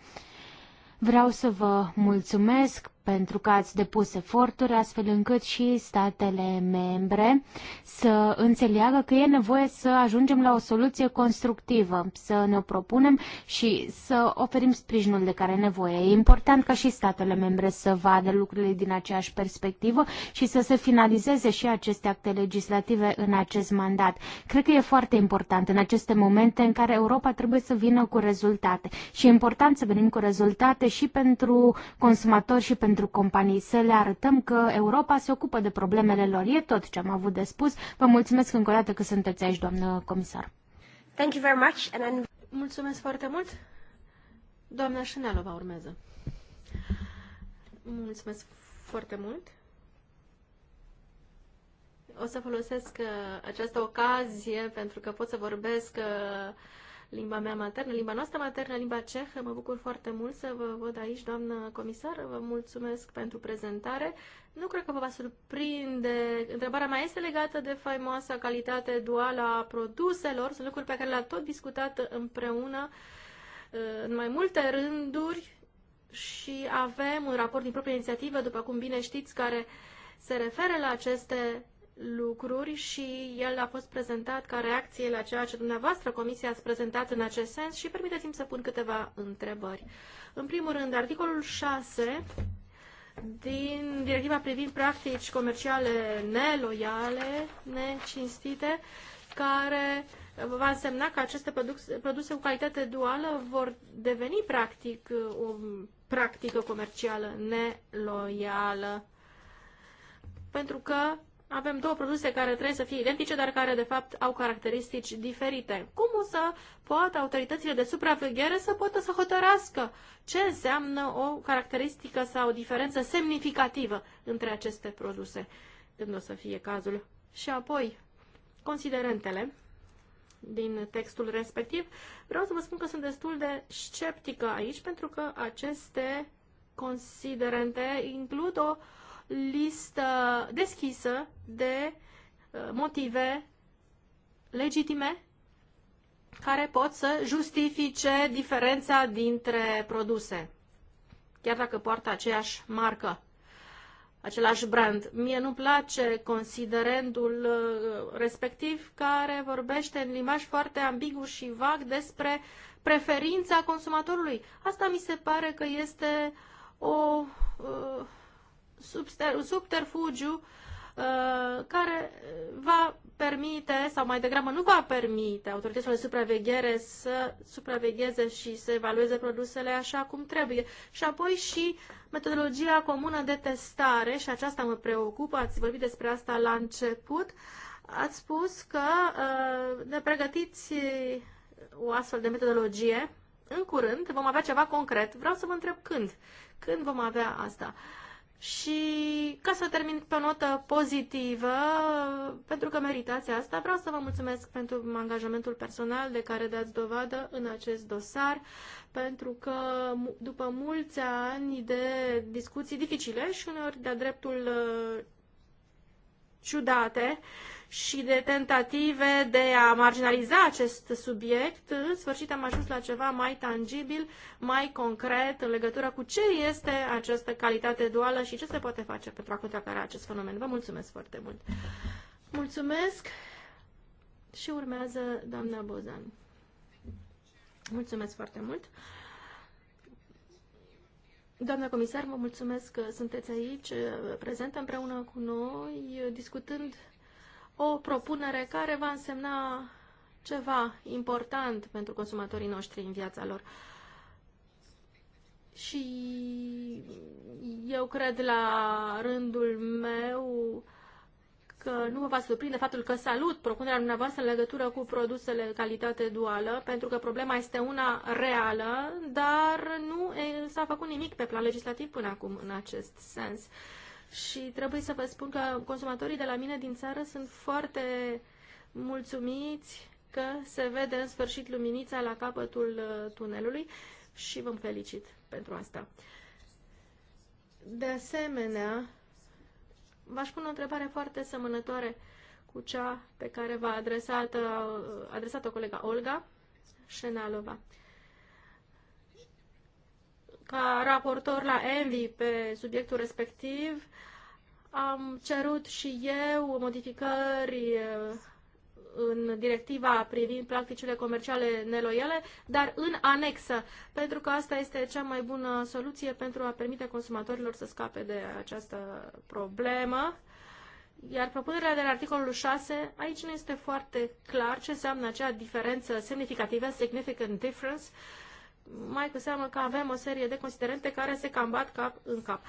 Vreau să vă mulțumesc pentru că ați depus eforturi astfel încât și statele membre să înțeleagă că e nevoie să ajungem la o soluție constructivă, să ne o propunem și să oferim sprijinul de care e nevoie. E important ca și statele membre să vadă lucrurile din aceeași perspectivă și să se finalizeze și aceste acte legislative în acest mandat. Cred că e foarte important în aceste momente în care Europa trebuie să vină cu rezultate și e important să venim cu rezultate și pentru consumatori și pentru pentru companii, să le arătăm că Europa se ocupă de problemele lor. E tot ce am avut de spus. Vă mulțumesc încă o dată că sunteți aici, doamnă comisar. Thank you very much. And then... Mulțumesc foarte mult. Doamna Șinelova urmează. Mulțumesc foarte mult. O să folosesc uh, această ocazie pentru că pot să vorbesc uh, limba mea maternă, limba noastră maternă, limba cehă. Mă bucur foarte mult să vă văd aici, doamnă comisar. Vă mulțumesc pentru prezentare. Nu cred că vă va surprinde. Întrebarea mea este legată de faimoasa calitate duală a produselor. Sunt lucruri pe care le-a tot discutat împreună uh, în mai multe rânduri și avem un raport din proprie inițiativă, după cum bine știți, care se referă la aceste lucruri și el a fost prezentat ca reacție la ceea ce dumneavoastră comisia ați prezentat în acest sens și permiteți-mi să pun câteva întrebări. În primul rând, articolul 6 din directiva privind practici comerciale neloiale, necinstite, care va însemna că aceste produse, produse cu calitate duală vor deveni practic o practică comercială neloială. Pentru că avem două produse care trebuie să fie identice, dar care de fapt au caracteristici diferite. Cum o să poată autoritățile de supraveghere să poată să hotărască ce înseamnă o caracteristică sau o diferență semnificativă între aceste produse, când o să fie cazul. Și apoi, considerentele din textul respectiv, vreau să vă spun că sunt destul de sceptică aici, pentru că aceste considerente includ o uh, listă deschisă de uh, motive legitime care pot să justifice diferența dintre produse, chiar dacă poartă aceeași marcă, același brand. Mie nu place considerendul uh, respectiv care vorbește în limbaj foarte ambigu și vag despre preferința consumatorului. Asta mi se pare că este o uh, subterfugiu uh, care va permite, sau mai degrabă nu va permite autorităților de supraveghere să supravegheze și să evalueze produsele așa cum trebuie. Și apoi și metodologia comună de testare, și aceasta mă preocupă, ați vorbit despre asta la început, ați spus că uh, ne pregătiți o astfel de metodologie în curând vom avea ceva concret. Vreau să vă întreb când. Când vom avea asta? Și ca să termin pe o notă pozitivă, pentru că meritați asta, vreau să vă mulțumesc pentru angajamentul personal de care dați dovadă în acest dosar, pentru că după mulți ani de discuții dificile și uneori de-a dreptul uh, ciudate, și de tentative de a marginaliza acest subiect, în sfârșit am ajuns la ceva mai tangibil, mai concret în legătură cu ce este această calitate duală și ce se poate face pentru a contracara acest fenomen. Vă mulțumesc foarte mult! Mulțumesc și urmează doamna Bozan. Mulțumesc foarte mult! Doamna comisar, vă mulțumesc că sunteți aici, prezentă împreună cu noi, discutând o propunere care va însemna ceva important pentru consumatorii noștri în viața lor. Și eu cred la rândul meu că nu vă va surprinde faptul că salut propunerea dumneavoastră în legătură cu produsele de calitate duală, pentru că problema este una reală, dar nu s-a făcut nimic pe plan legislativ până acum în acest sens. Uh, și trebuie să vă spun că consumatorii de la mine din țară sunt foarte mulțumiți că se vede în sfârșit luminița la capătul uh, tunelului și vă felicit pentru asta. De asemenea, v-aș pune o întrebare foarte semănătoare cu cea pe care v-a adresat, uh, adresat-o colega Olga Șenalova. Ca raportor la Envi pe subiectul respectiv, am cerut și eu modificări eh, în directiva privind practicile comerciale neloiale, dar în anexă, pentru că asta este cea mai bună soluție pentru a permite consumatorilor să scape de această problemă. Iar propunerea de la articolul 6, aici nu este foarte clar ce înseamnă acea diferență semnificativă, significant difference, uh, mai cu seamă că avem o serie de considerente care se cam bat cap în cap.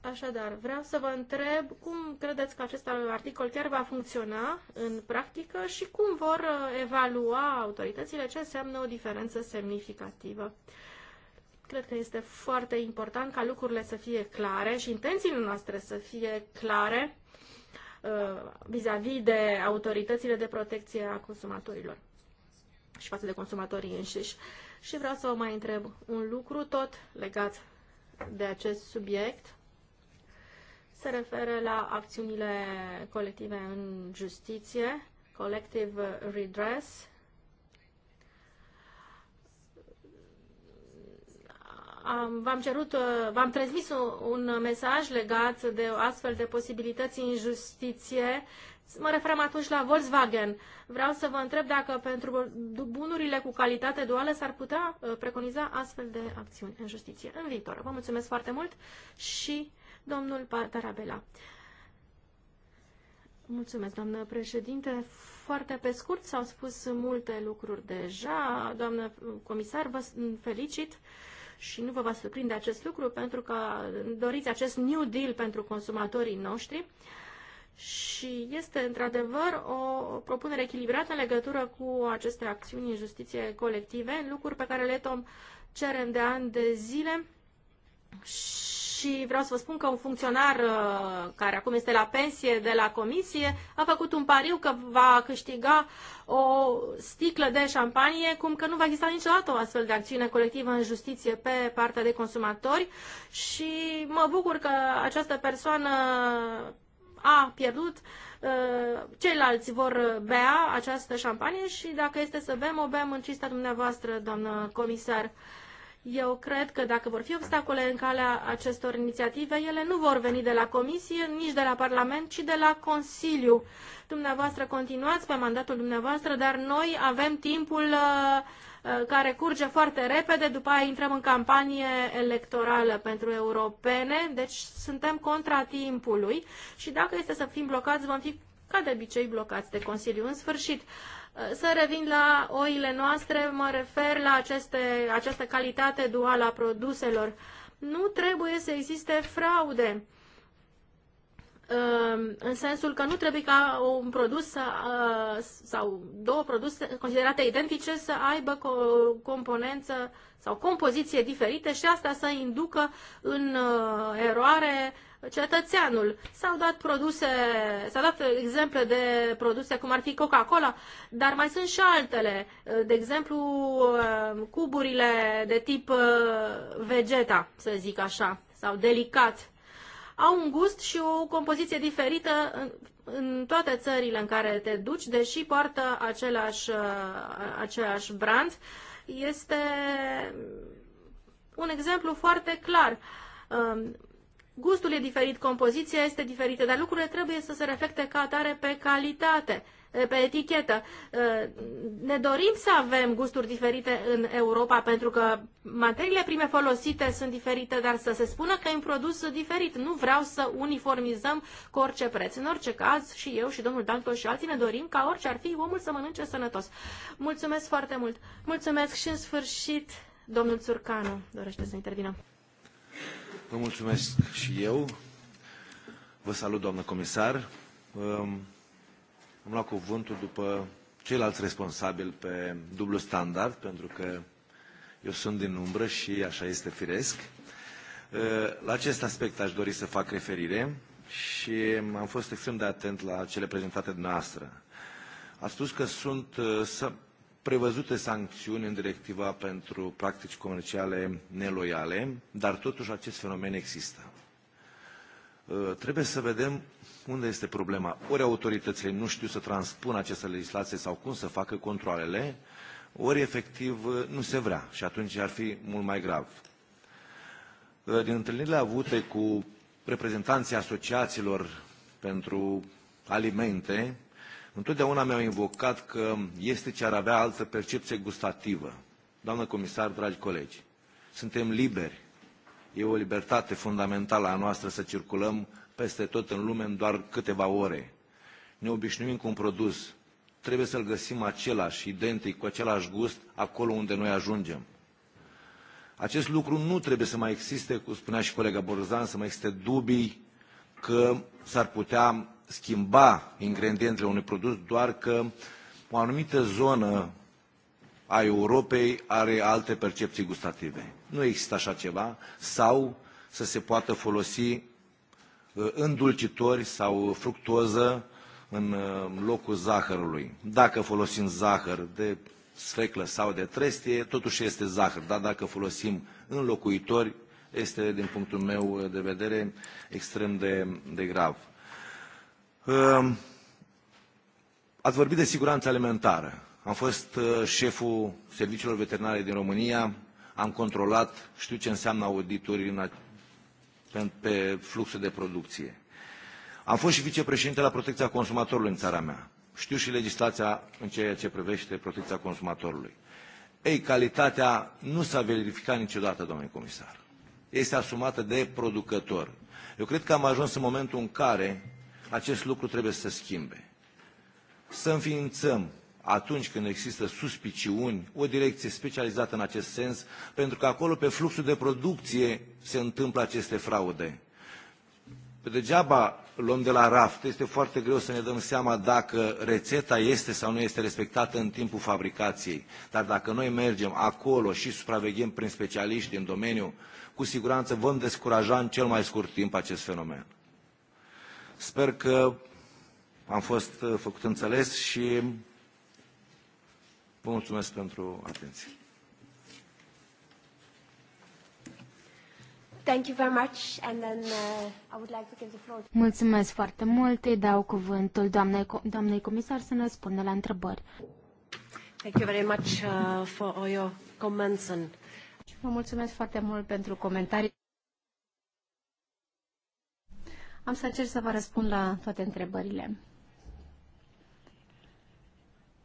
Așadar, vreau să vă întreb cum credeți că acest articol chiar va funcționa în practică și cum vor uh, evalua autoritățile ce înseamnă o diferență semnificativă. Cred că este foarte important ca lucrurile să fie clare și intențiile noastre să fie clare uh, vis-a-vis -vis de autoritățile de protecție a consumatorilor și față de consumatorii înșiși. Uh, și vreau să vă mai întreb un lucru tot legat de acest subiect. Se referă la acțiunile colective în justiție, collective redress. V-am cerut, v-am transmis un, mesaj legat de astfel de posibilități în justiție Mă referam atunci la Volkswagen. Vreau să vă întreb dacă pentru bunurile cu calitate duală s-ar putea uh, preconiza astfel de acțiuni în justiție în viitor. Vă mulțumesc foarte mult și domnul Tarabela. Mulțumesc, doamnă președinte. Foarte pe scurt s-au spus multe lucruri deja. Doamnă comisar, vă felicit și nu vă va surprinde acest lucru pentru că doriți acest New Deal pentru consumatorii noștri. Uh, și este într-adevăr o propunere echilibrată în legătură cu aceste acțiuni în justiție colective, lucruri pe care le tom cerem de ani de zile și vreau să vă spun că un funcționar uh, care acum este la pensie de la comisie a făcut un pariu că va câștiga o sticlă de șampanie, cum că nu va exista niciodată o astfel de acțiune colectivă în justiție pe partea de consumatori și mă bucur că această persoană a pierdut, uh, ceilalți vor bea această șampanie și dacă este să bem, o bem în cinsta dumneavoastră, doamnă comisar. Eu cred că dacă vor fi obstacole în calea acestor inițiative, ele nu vor veni de la Comisie, nici de la Parlament, ci de la Consiliu. Dumneavoastră continuați pe mandatul dumneavoastră, dar noi avem timpul uh, Uh, care curge foarte repede, după aia intrăm în campanie electorală pentru europene, deci suntem contra timpului și dacă este să fim blocați, vom fi ca de obicei blocați de Consiliu. În sfârșit, uh, să revin la oile noastre, mă refer la aceste, această calitate duală a produselor. Nu trebuie să existe fraude Ehm, în sensul că nu trebuie ca un produs uh, sau două produse considerate identice să aibă o componență sau compoziție diferite și asta să inducă în uh, eroare cetățeanul. S-au dat produse, s-au dat exemple de produse cum ar fi Coca-Cola, dar mai sunt și altele, uh, de exemplu cuburile de tip vegeta, să zic așa, sau delicat au un gust și o compoziție diferită în, în toate țările în care te duci, deși poartă același, uh, același brand. Este un exemplu foarte clar. Um, gustul e diferit, compoziția este diferită, dar lucrurile trebuie să se reflecte ca atare pe calitate pe etichetă. Ne dorim să avem gusturi diferite în Europa pentru că materiile prime folosite sunt diferite, dar să se spună că e un produs diferit. Nu vreau să uniformizăm cu orice preț. În orice caz, și eu și domnul Danco și alții ne dorim ca orice ar fi omul să mănânce sănătos. Mulțumesc foarte mult. Mulțumesc și în sfârșit domnul Țurcanu dorește să intervină. Vă mulțumesc și eu. Vă salut, doamnă comisar. Am luat cuvântul după ceilalți responsabili pe dublu standard, pentru că eu sunt din umbră și așa este firesc. Uh, la acest aspect aș dori să fac referire și am fost extrem de atent la cele prezentate dumneavoastră. A spus că sunt uh, prevăzute sancțiuni în directiva pentru practici comerciale neloiale, dar totuși acest fenomen există. Uh, trebuie să vedem unde este problema. Ori autoritățile nu știu să transpună aceste legislație sau cum să facă controlele, ori efectiv uh, nu se vrea și atunci ar fi mult mai grav. Uh, din întâlnirile avute cu reprezentanții asociațiilor pentru alimente, întotdeauna mi-au invocat că este ce ar avea altă percepție gustativă. Doamnă comisar, dragi colegi, suntem liberi E o libertate fundamentală a noastră să circulăm peste tot în lume în doar câteva ore. Ne obișnuim cu un produs. Trebuie să-l găsim același, identic, cu același gust, acolo unde noi ajungem. Acest lucru nu trebuie să mai existe, cum spunea și colega Borzan, să mai existe dubii că s-ar putea schimba ingredientele unui produs doar că o anumită zonă a Europei are alte percepții gustative. Nu există așa ceva sau să se poată folosi uh, îndulcitori sau fructoză în uh, locul zahărului. Dacă folosim zahăr de sfeclă sau de trestie, totuși este zahăr, dar dacă folosim înlocuitori, este, din punctul meu de vedere, extrem de, de grav. Uh, ați vorbit de siguranță alimentară. Am fost uh, șeful serviciilor veterinare din România, am controlat, știu ce înseamnă audituri în, pe, pe fluxul de producție. Am fost și vicepreședinte la protecția consumatorului în țara mea. Știu și legislația în ceea ce privește protecția consumatorului. Ei, calitatea nu s-a verificat niciodată, domnule comisar. Este asumată de producător. Eu cred că am ajuns în momentul în care acest lucru trebuie să se schimbe. Să înființăm atunci când există suspiciuni, o direcție specializată în acest sens, pentru că acolo pe fluxul de producție se întâmplă aceste fraude. Degeaba luăm de la raft, este foarte greu să ne dăm seama dacă rețeta este sau nu este respectată în timpul fabricației. Dar dacă noi mergem acolo și supraveghem prin specialiști în domeniu, cu siguranță vom descuraja în cel mai scurt timp acest fenomen. Sper că am fost uh, făcut înțeles și Vă mulțumesc pentru atenție. Thank you very much and then uh, I would like to give the floor. Mulțumesc foarte mult. Îi dau cuvântul doamnei, doamnei comisar să ne răspundă la întrebări. Thank you very much uh, for all your comments and Vă mulțumesc foarte mult pentru comentarii. Am să încerc să vă răspund la toate întrebările.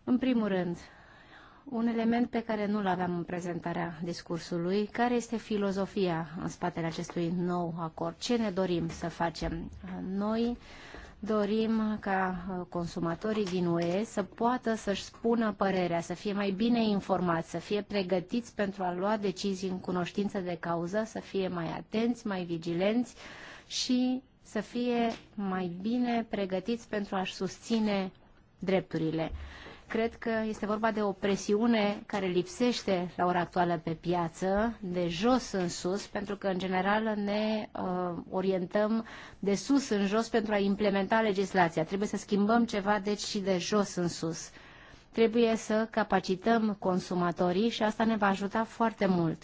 În primul rând, un element pe care nu-l aveam în prezentarea discursului. Care este filozofia în spatele acestui nou acord? Ce ne dorim să facem? Noi dorim ca uh, consumatorii din UE să poată să-și spună părerea, să fie mai bine informați, să fie pregătiți pentru a lua decizii în cunoștință de cauză, să fie mai atenți, mai vigilenți și să fie mai bine pregătiți pentru a-și susține drepturile cred că este vorba de o presiune care lipsește la ora actuală pe piață, de jos în sus, pentru că, în general, ne uh, orientăm de sus în jos pentru a implementa legislația. Trebuie să schimbăm ceva, deci, și de jos în sus. Trebuie să capacităm consumatorii și asta ne va ajuta foarte mult.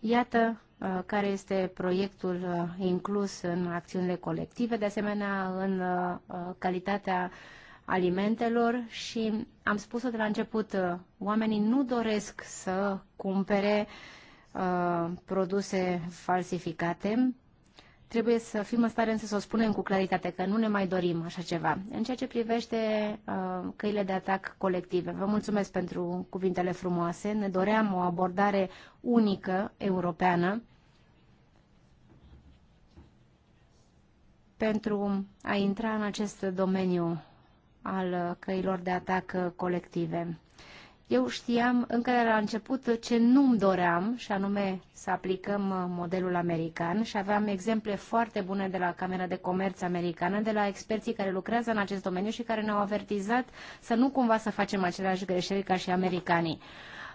Iată uh, care este proiectul uh, inclus în acțiunile colective, de asemenea în uh, calitatea alimentelor și am spus-o de la început, uh, oamenii nu doresc să cumpere uh, produse falsificate. Trebuie să fim în stare însă să o spunem cu claritate că nu ne mai dorim așa ceva. În ceea ce privește uh, căile de atac colective, vă mulțumesc pentru cuvintele frumoase. Ne doream o abordare unică europeană pentru a intra în acest domeniu al căilor de atac colective. Eu știam încă de la început ce nu-mi doream, și anume să aplicăm modelul american și aveam exemple foarte bune de la Camera de Comerț americană, de la experții care lucrează în acest domeniu și care ne-au avertizat să nu cumva să facem aceleași greșeli ca și americanii.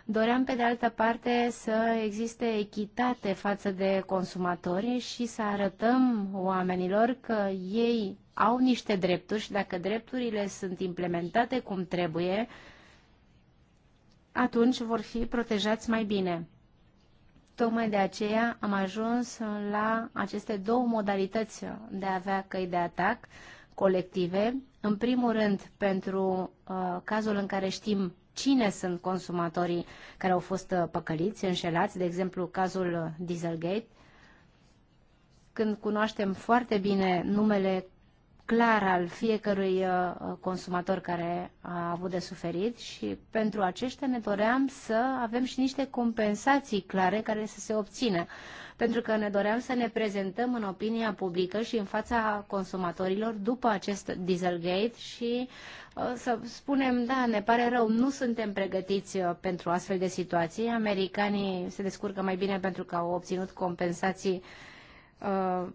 Doream, pe de altă parte, să existe echitate față de consumatori și să arătăm oamenilor că ei au niște drepturi și dacă drepturile sunt implementate cum trebuie, atunci vor fi protejați mai bine. Tocmai de aceea am ajuns la aceste două modalități de a avea căi de atac colective. În primul rând, pentru uh, cazul în care știm cine sunt consumatorii care au fost uh, păcăliți, înșelați, de exemplu cazul Dieselgate, când cunoaștem foarte bine numele clar al fiecărui uh, consumator care a avut de suferit și pentru aceștia ne doream să avem și niște compensații clare care să se obțină, pentru că ne doream să ne prezentăm în opinia publică și în fața consumatorilor după acest Dieselgate și uh, să spunem, da, ne pare rău, nu suntem pregătiți uh, pentru astfel de situații, americanii se descurcă mai bine pentru că au obținut compensații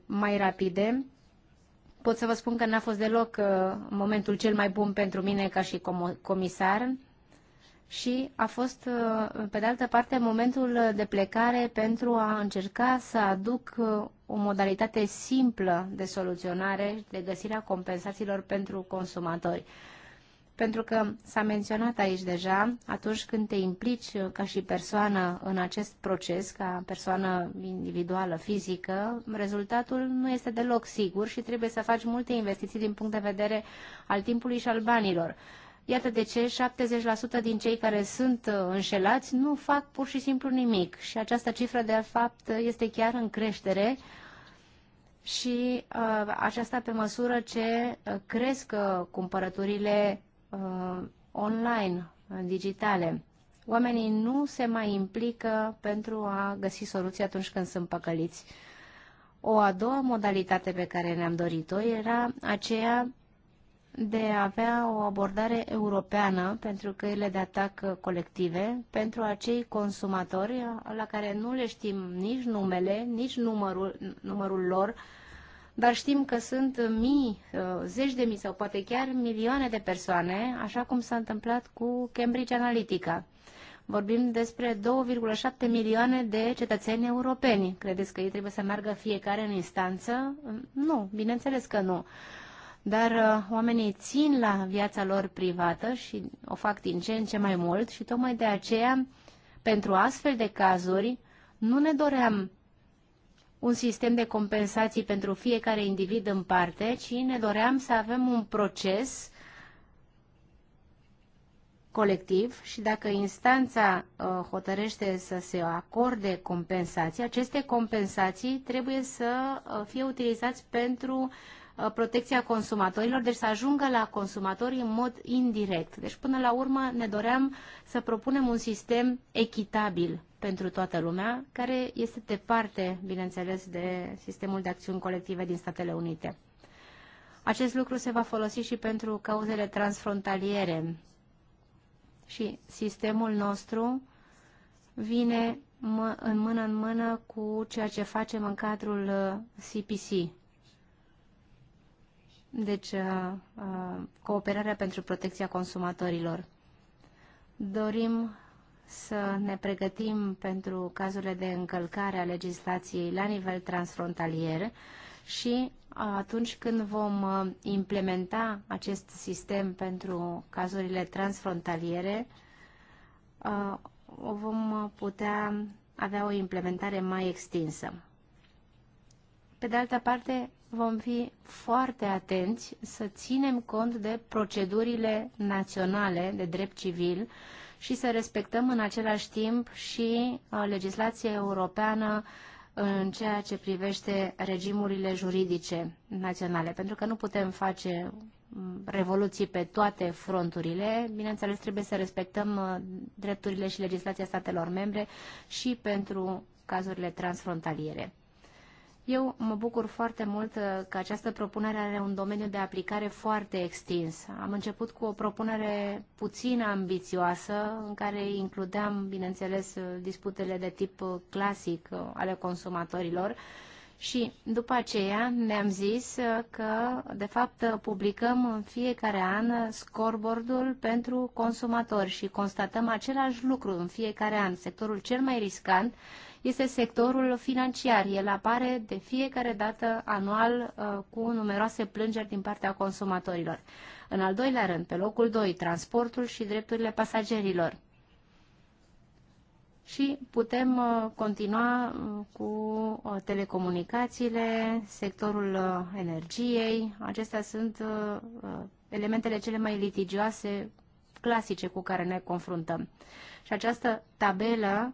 mai rapide pot să vă spun că n-a fost deloc uh, momentul cel mai bun pentru mine ca și comisar și a fost, uh, pe de altă parte, momentul de plecare pentru a încerca să aduc uh, o modalitate simplă de soluționare, de găsirea compensațiilor pentru consumatori. Pentru că s-a menționat aici deja, atunci când te implici ca și persoană în acest proces, ca persoană individuală, fizică, rezultatul nu este deloc sigur și trebuie să faci multe investiții din punct de vedere al timpului și al banilor. Iată de ce 70% din cei care sunt înșelați nu fac pur și simplu nimic și această cifră de fapt este chiar în creștere și uh, aceasta pe măsură ce uh, cresc uh, cumpărăturile uh, online, uh, digitale. Oamenii nu se mai implică pentru a găsi soluții atunci când sunt păcăliți. O a doua modalitate pe care ne-am dorit-o era aceea de a avea o abordare europeană pentru căile de atac colective, pentru acei consumatori la care nu le știm nici numele, nici numărul, numărul lor, uh, dar știm că sunt mii, uh, zeci de mii sau poate chiar milioane de persoane, așa cum s-a întâmplat cu Cambridge Analytica. Vorbim despre 2,7 milioane de cetățeni europeni. Credeți că ei trebuie să meargă fiecare în instanță? Mm, nu, bineînțeles că nu. Dar uh, oamenii țin la viața lor privată și o fac din ce în ce mai mult și tocmai de aceea, pentru astfel de cazuri, nu ne doream un sistem de compensații pentru fiecare individ în parte, ci ne doream să avem un proces colectiv și dacă instanța uh, hotărăște să se acorde compensații, aceste compensații trebuie să uh, fie utilizați pentru uh, Uh, protecția consumatorilor, deci să ajungă la consumatori în mod indirect. Deci până la urmă ne doream să propunem un sistem echitabil pentru toată lumea, care este departe, bineînțeles, de sistemul de acțiuni colective din Statele Unite. Acest lucru se va folosi și pentru cauzele transfrontaliere și sistemul nostru vine în mână în mână cu ceea ce facem în cadrul CPC, uh, deci, uh, uh, cooperarea pentru protecția consumatorilor. Dorim să ne pregătim pentru cazurile de încălcare a legislației la nivel transfrontalier și atunci când vom uh, implementa acest sistem pentru cazurile transfrontaliere, o vom putea avea o implementare mai extinsă. Pe de altă parte, vom fi foarte atenți să ținem cont de procedurile naționale de drept civil și să respectăm în același timp și uh, legislația europeană uh, în ceea ce privește regimurile juridice naționale, pentru că nu putem face mm, revoluții pe toate fronturile. Bineînțeles, trebuie să respectăm uh, drepturile și legislația statelor membre și pentru cazurile transfrontaliere. Eu mă bucur foarte mult uh, că această propunere are un domeniu de aplicare foarte extins. Am început cu o propunere puțin ambițioasă, în care includeam, bineînțeles, uh, disputele de tip uh, clasic ale consumatorilor, și după aceea ne-am zis că, de fapt, publicăm în fiecare an scoreboard-ul pentru consumatori și constatăm același lucru în fiecare an. Sectorul cel mai riscant este sectorul financiar. El apare de fiecare dată anual uh, cu numeroase plângeri din partea consumatorilor. În al doilea rând, pe locul 2, transportul și drepturile pasagerilor și putem uh, continua uh, cu telecomunicațiile, sectorul energiei. Acestea sunt elementele cele mai litigioase clasice cu care ne confruntăm. Și această tabelă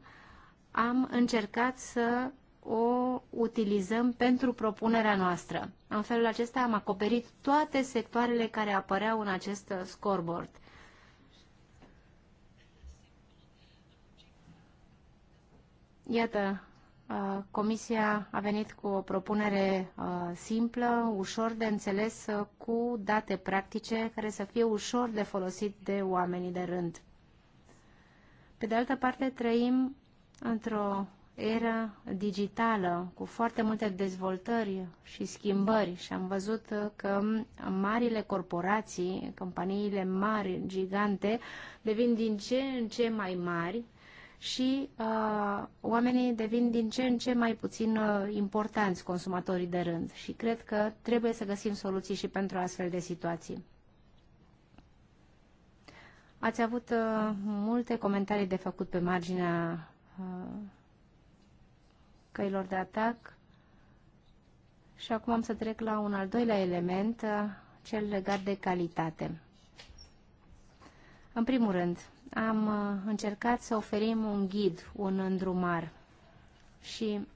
am încercat să o utilizăm pentru propunerea noastră. În felul acesta am acoperit toate sectoarele care apăreau în acest scoreboard. Iată, uh, Comisia a venit cu o propunere uh, simplă, ușor de înțeles, uh, cu date practice care să fie ușor de folosit de oamenii de rând. Pe de altă parte, trăim într-o era digitală, cu foarte multe dezvoltări și schimbări și am văzut că marile corporații, companiile mari, gigante, devin din ce în ce mai mari și uh, oamenii devin din ce în ce mai puțin uh, importanți consumatorii de rând și cred că trebuie să găsim soluții și pentru astfel de situații. Ați avut uh, multe comentarii de făcut pe marginea Uh, căilor de atac. Și acum am să trec la un al doilea element, uh, cel legat de calitate. În primul rând, am uh, încercat să oferim un ghid, un îndrumar și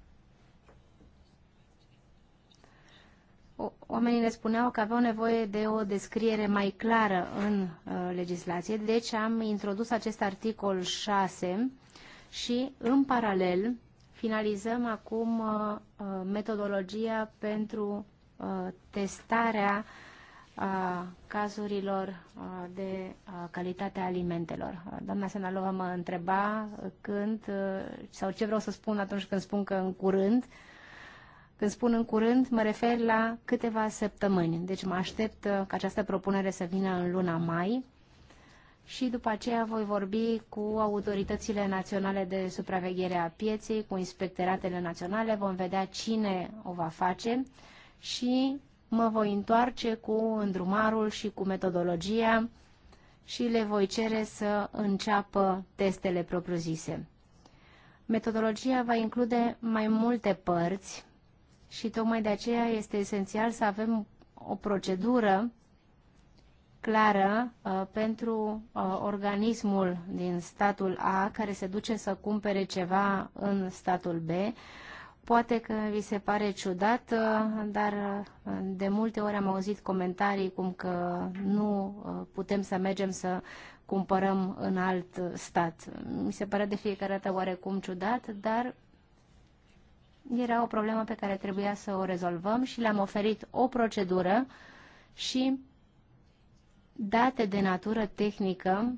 oamenii ne spuneau că aveau nevoie de o descriere mai clară în uh, legislație, deci am introdus acest articol 6 și, în paralel, finalizăm acum uh, uh, metodologia pentru uh, testarea cazurilor de calitate a alimentelor. Doamna Senalova mă întreba când, sau ce vreau să spun atunci când spun că în curând, când spun în curând, mă refer la câteva săptămâni. Deci mă aștept ca această propunere să vină în luna mai și după aceea voi vorbi cu autoritățile naționale de supraveghere a pieței, cu inspectoratele naționale, vom vedea cine o va face și mă voi întoarce cu îndrumarul și cu metodologia și le voi cere să înceapă testele propriu-zise. Metodologia va include mai multe părți și tocmai de aceea este esențial să avem o procedură clară uh, pentru uh, organismul din statul A care se duce să cumpere ceva în statul B. Poate că vi se pare ciudat, uh, dar uh, de multe ori am auzit comentarii cum că nu uh, putem să mergem să cumpărăm în alt stat. Mi se pare de fiecare dată oarecum ciudat, dar era o problemă pe care trebuia să o rezolvăm și le-am oferit o procedură și date de natură tehnică,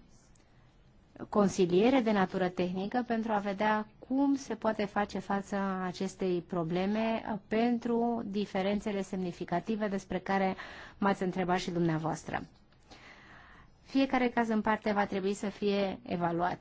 consiliere de natură tehnică pentru a vedea cum se poate face față acestei probleme pentru diferențele semnificative despre care m-ați întrebat și dumneavoastră. Fiecare caz în parte va trebui să fie evaluat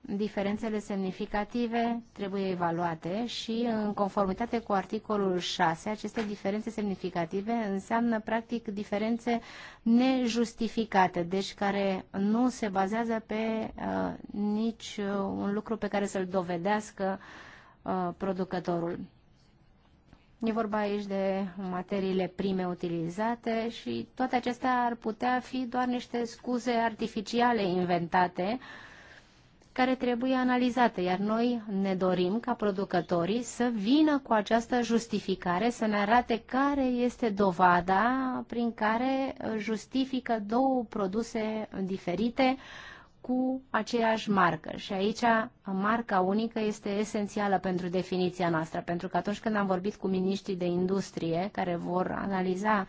diferențele semnificative trebuie evaluate și, în conformitate cu articolul 6, aceste diferențe semnificative înseamnă, practic, diferențe nejustificate, deci care nu se bazează pe uh, nici uh, un lucru pe care să-l dovedească uh, producătorul. E vorba aici de materiile prime utilizate și toate acestea ar putea fi doar niște scuze artificiale inventate uh, care trebuie analizate, iar noi ne dorim ca producătorii să vină cu această justificare, să ne arate care este dovada prin care justifică două produse diferite cu aceeași marcă. Și aici marca unică este esențială pentru definiția noastră, pentru că atunci când am vorbit cu miniștrii de industrie care vor analiza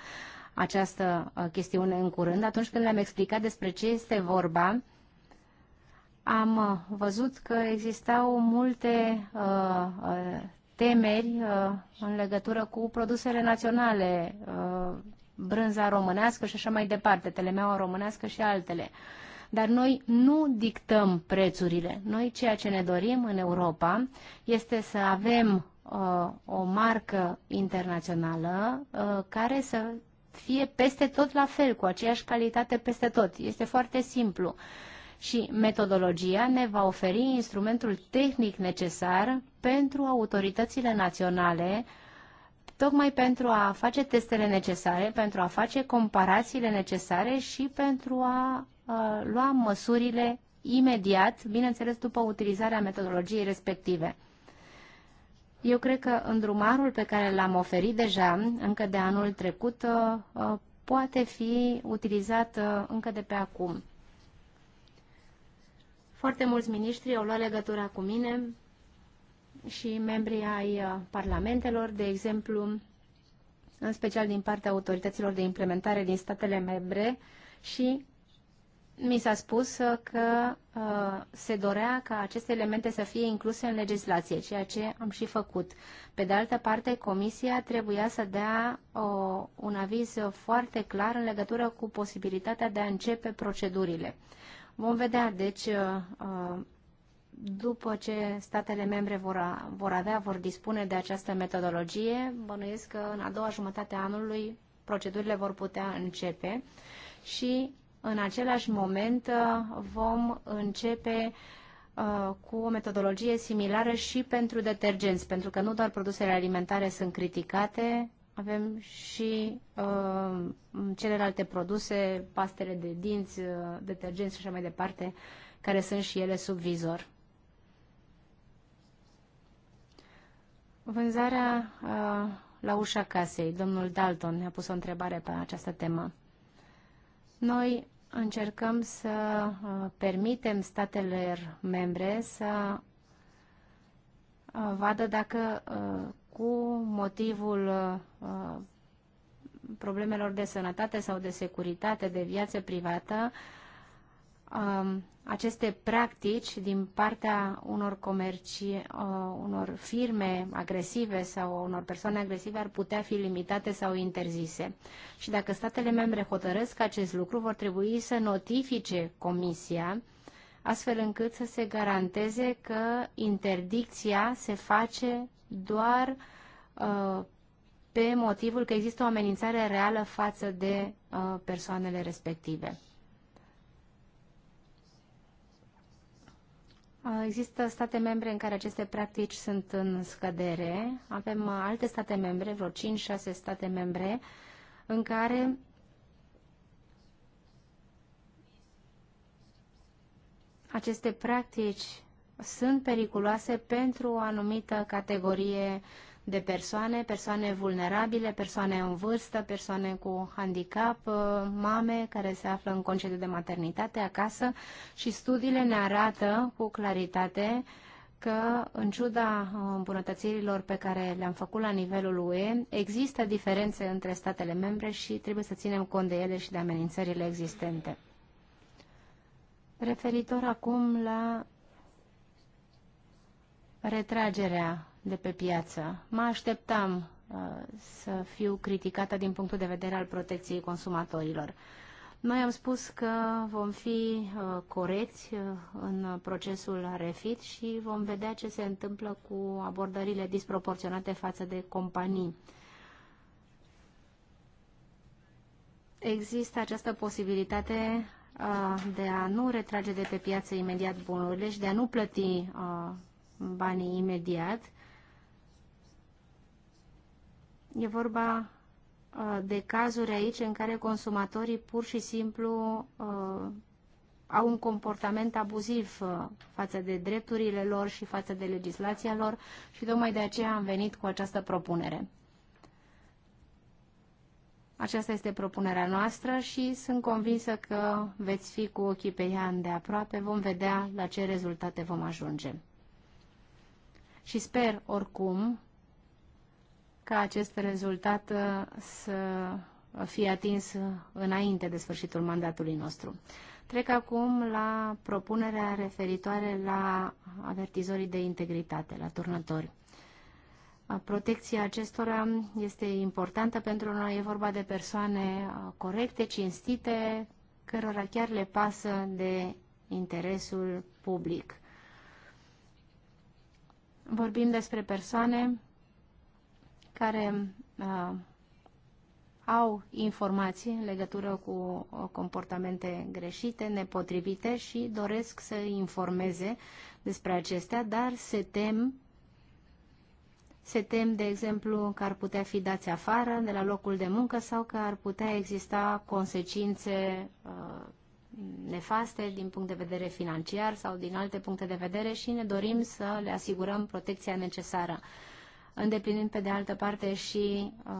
această uh, chestiune în curând, atunci când le-am explicat despre ce este vorba, am uh, văzut că existau multe uh, uh, temeri uh, în legătură cu produsele naționale, uh, brânza românească și așa mai departe, telemeaua românească și altele. Dar noi nu dictăm prețurile. Noi ceea ce ne dorim în Europa este să avem uh, o marcă internațională uh, care să fie peste tot la fel, cu aceeași calitate peste tot. Este foarte simplu. Uh, și metodologia ne va oferi instrumentul tehnic necesar pentru autoritățile naționale tocmai pentru a face testele necesare, pentru a face comparațiile necesare și pentru a, a lua măsurile imediat, bineînțeles după utilizarea metodologiei respective. Eu cred că îndrumarul pe care l-am oferit deja încă de anul trecut poate fi utilizat încă de pe acum. Foarte mulți miniștri au luat legătura cu mine și membrii ai uh, parlamentelor, de exemplu, în special din partea autorităților de implementare din statele membre și mi s-a spus uh, că uh, se dorea ca aceste elemente să fie incluse în legislație, ceea ce am și făcut. Pe de altă parte, Comisia trebuia să dea o, un aviz foarte clar în legătură cu posibilitatea de a începe procedurile. Uh, Vom vedea, deci, uh, uh, după ce statele membre vor, vor avea, vor dispune de această metodologie, bănuiesc că în a doua jumătate a anului procedurile vor putea începe și în același moment uh, vom începe cu o metodologie similară și pentru detergenți, pentru că nu doar produsele alimentare sunt criticate, avem și uh, celelalte produse, pastele de dinți, uh, detergenți și așa mai departe, care sunt și ele sub vizor. Vânzarea uh, la ușa casei. Domnul Dalton ne-a pus o întrebare pe această temă. Noi încercăm să uh, permitem statelor membre să uh, vadă dacă uh, cu motivul uh, problemelor de sănătate sau de securitate, de viață privată, um, aceste practici din partea unor comerci, uh, unor firme agresive sau unor persoane agresive ar putea fi limitate sau interzise. Și dacă statele membre hotărăsc acest lucru, vor trebui să notifice Comisia astfel încât să se garanteze că interdicția se face doar uh, pe motivul că există o amenințare reală față de uh, persoanele respective. Uh, există state membre în care aceste practici sunt în scădere. Avem uh, alte state membre, vreo 5-6 state membre, în care aceste practici sunt periculoase pentru o anumită categorie de persoane, persoane vulnerabile, persoane în vârstă, persoane cu handicap, uh, mame care se află în concediu de maternitate acasă și studiile ne arată cu claritate că, în ciuda uh, îmbunătățirilor pe care le-am făcut la nivelul UE, există diferențe între statele membre și trebuie să ținem cont de ele și de amenințările existente. Referitor acum la retragerea de pe piață. Mă așteptam uh, să fiu criticată din punctul de vedere al protecției consumatorilor. Noi am spus că vom fi uh, coreți uh, în procesul refit și vom vedea ce se întâmplă cu abordările disproporționate față de companii. Există această posibilitate uh, de a nu retrage de pe piață imediat bunurile și de a nu plăti uh, banii imediat. E vorba uh, de cazuri aici în care consumatorii pur și simplu uh, au un comportament abuziv uh, față de drepturile lor și față de legislația lor și tocmai de aceea am venit cu această propunere. Aceasta este propunerea noastră și sunt convinsă că veți fi cu ochii pe ea de aproape, vom vedea la ce rezultate vom ajunge și sper oricum ca acest rezultat uh, să fie atins înainte de sfârșitul mandatului nostru. Trec acum la propunerea referitoare la avertizorii de integritate, la turnători. Protecția acestora este importantă pentru noi. E vorba de persoane corecte, cinstite, cărora chiar le pasă de interesul public. Vorbim despre persoane care uh, au informații în legătură cu uh, comportamente greșite, nepotrivite și doresc să informeze despre acestea, dar se tem se tem, de exemplu, că ar putea fi dați afară de la locul de muncă sau că ar putea exista consecințe uh, nefaste din punct de vedere financiar sau din alte puncte de vedere și ne dorim să le asigurăm protecția necesară, îndeplinind pe de altă parte și uh,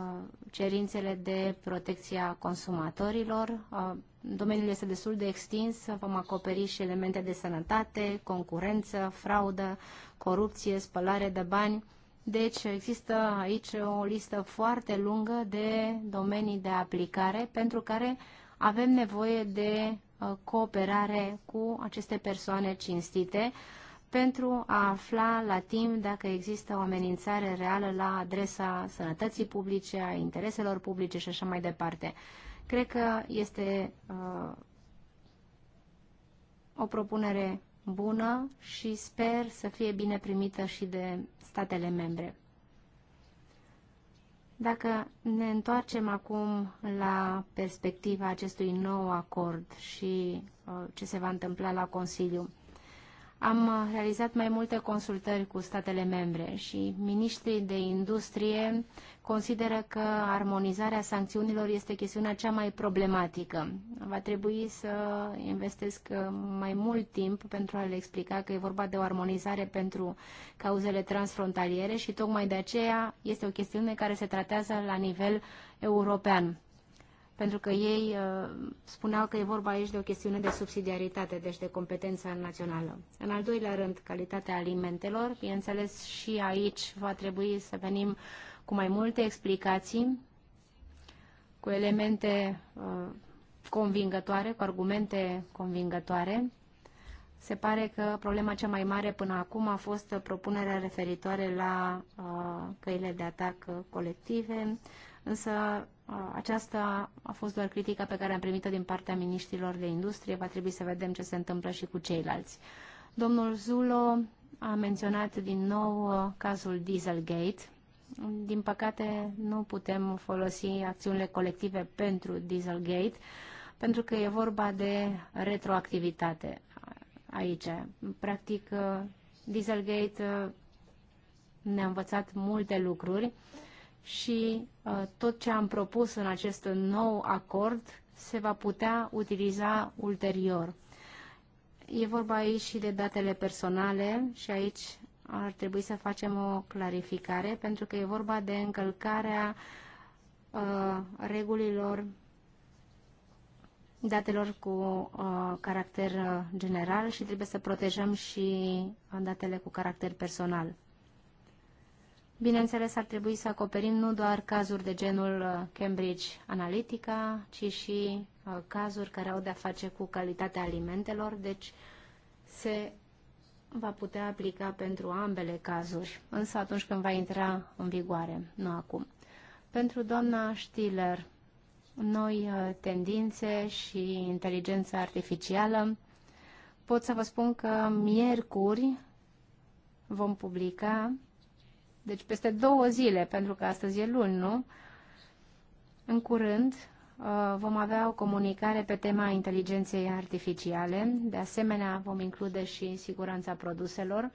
cerințele de protecția consumatorilor. Uh, domeniul este destul de extins, vom acoperi și elemente de sănătate, concurență, fraudă, corupție, spălare de bani. Deci există aici o listă foarte lungă de domenii de aplicare pentru care avem nevoie de Uh, cooperare cu aceste persoane cinstite pentru a afla la timp dacă există o amenințare reală la adresa sănătății publice, a intereselor publice și așa mai departe. Cred că este uh, o propunere bună și sper să fie bine primită și de statele membre. Dacă ne întoarcem acum la perspectiva acestui nou acord și uh, ce se va întâmpla la Consiliu, am uh, realizat mai multe consultări cu statele membre și ministrii de industrie consideră că armonizarea sancțiunilor este chestiunea cea mai problematică. Va trebui să investesc uh, mai mult timp pentru a le explica că e vorba de o armonizare pentru cauzele transfrontaliere și tocmai de aceea este o chestiune care se tratează la nivel european pentru că ei uh, spuneau că e vorba aici de o chestiune de subsidiaritate, deci de competența națională. În al doilea rând, calitatea alimentelor. Bineînțeles, și aici va trebui să venim cu mai multe explicații, cu elemente uh, convingătoare, cu argumente convingătoare. Se pare că problema cea mai mare până acum a fost propunerea referitoare la uh, căile de atac colective, însă aceasta a fost doar critica pe care am primit-o din partea miniștrilor de industrie. Va trebui să vedem ce se întâmplă și cu ceilalți. Domnul Zulo a menționat din nou cazul Dieselgate. Din păcate, nu putem folosi acțiunile colective pentru Dieselgate, pentru că e vorba de retroactivitate aici. Practic, Dieselgate ne-a învățat multe lucruri și uh, tot ce am propus în acest nou acord se va putea utiliza ulterior. E vorba aici și de datele personale și aici ar trebui să facem o clarificare pentru că e vorba de încălcarea uh, regulilor datelor cu uh, caracter uh, general și trebuie să protejăm și uh, datele cu caracter personal. Bineînțeles, ar trebui să acoperim nu doar cazuri de genul uh, Cambridge Analytica, ci și uh, cazuri care au de-a face cu calitatea alimentelor, deci se va putea aplica pentru ambele cazuri, însă atunci când va intra în vigoare, nu acum. Pentru doamna Stiller, noi uh, tendințe și inteligența artificială, pot să vă spun că miercuri vom publica deci peste două zile, pentru că astăzi e luni, nu? În curând uh, vom avea o comunicare pe tema inteligenței artificiale. De asemenea, vom include și siguranța produselor.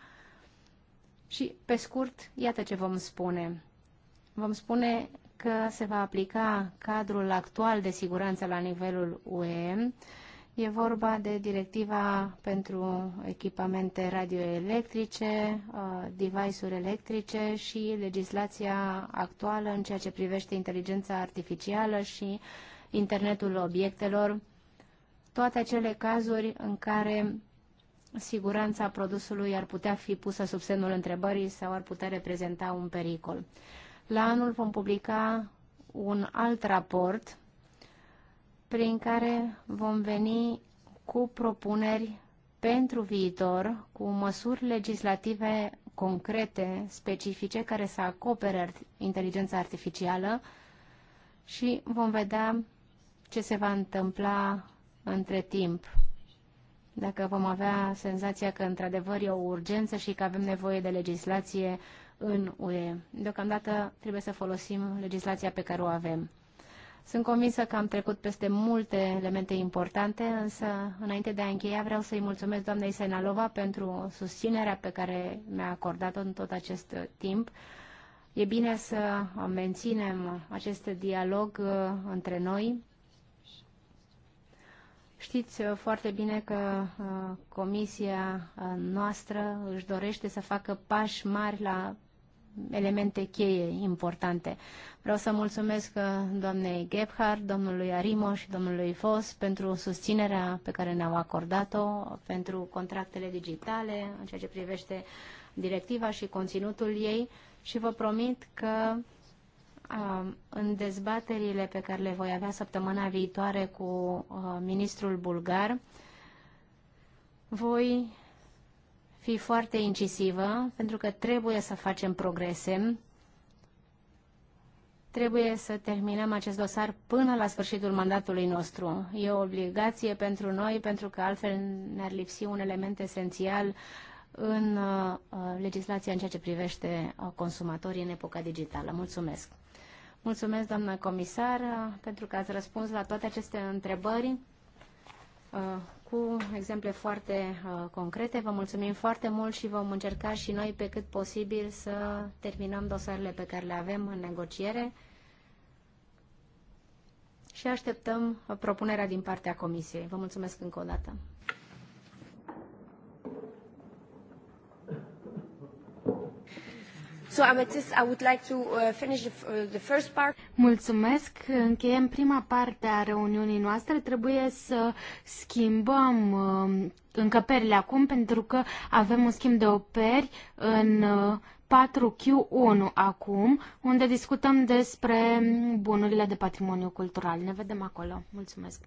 Și, pe scurt, iată ce vom spune. Vom spune că se va aplica cadrul actual de siguranță la nivelul UE, E vorba de directiva pentru echipamente radioelectrice, uh, device-uri electrice și legislația actuală în ceea ce privește inteligența artificială și internetul obiectelor, toate acele cazuri în care siguranța produsului ar putea fi pusă sub semnul întrebării sau ar putea reprezenta un pericol. La anul vom publica un alt raport prin care vom veni cu propuneri pentru viitor, cu măsuri legislative concrete, specifice, care să acopere inteligența artificială și vom vedea ce se va întâmpla între timp. Dacă vom avea senzația că într-adevăr e o urgență și că avem nevoie de legislație în UE. Deocamdată trebuie să folosim legislația pe care o avem. Sunt convinsă că am trecut peste multe elemente importante, însă înainte de a încheia vreau să-i mulțumesc doamnei Senalova pentru susținerea pe care mi-a acordat-o în tot acest timp. E bine să menținem acest dialog uh, între noi. Știți uh, foarte bine că uh, comisia noastră își dorește să facă pași mari la elemente cheie importante. Vreau să mulțumesc uh, doamnei Gebhardt, domnului Arimo și domnului Fos pentru susținerea pe care ne-au acordat-o, pentru contractele digitale, în ceea ce privește directiva și conținutul ei și vă promit că uh, în dezbaterile pe care le voi avea săptămâna viitoare cu uh, ministrul bulgar, voi fi foarte incisivă, pentru că trebuie să facem progrese. Trebuie să terminăm acest dosar până la sfârșitul mandatului nostru. E o obligație pentru noi, pentru că altfel ne-ar lipsi un element esențial în uh, legislația în ceea ce privește uh, consumatorii în epoca digitală. Mulțumesc! Mulțumesc, doamnă comisar, pentru că ați răspuns la toate aceste întrebări uh, cu exemple foarte uh, concrete. Vă mulțumim foarte mult și vom încerca și noi pe cât posibil să terminăm dosarele pe care le avem în negociere și așteptăm propunerea din partea Comisiei. Vă mulțumesc încă o dată. So, Amethyst, I would like to uh, finish uh, the, first part. Mulțumesc. Încheiem prima parte a reuniunii noastre. Trebuie să schimbăm uh, încăperile acum pentru că avem un schimb de operi în 4Q1 acum, unde discutăm despre bunurile de patrimoniu cultural. Ne vedem acolo. Mulțumesc!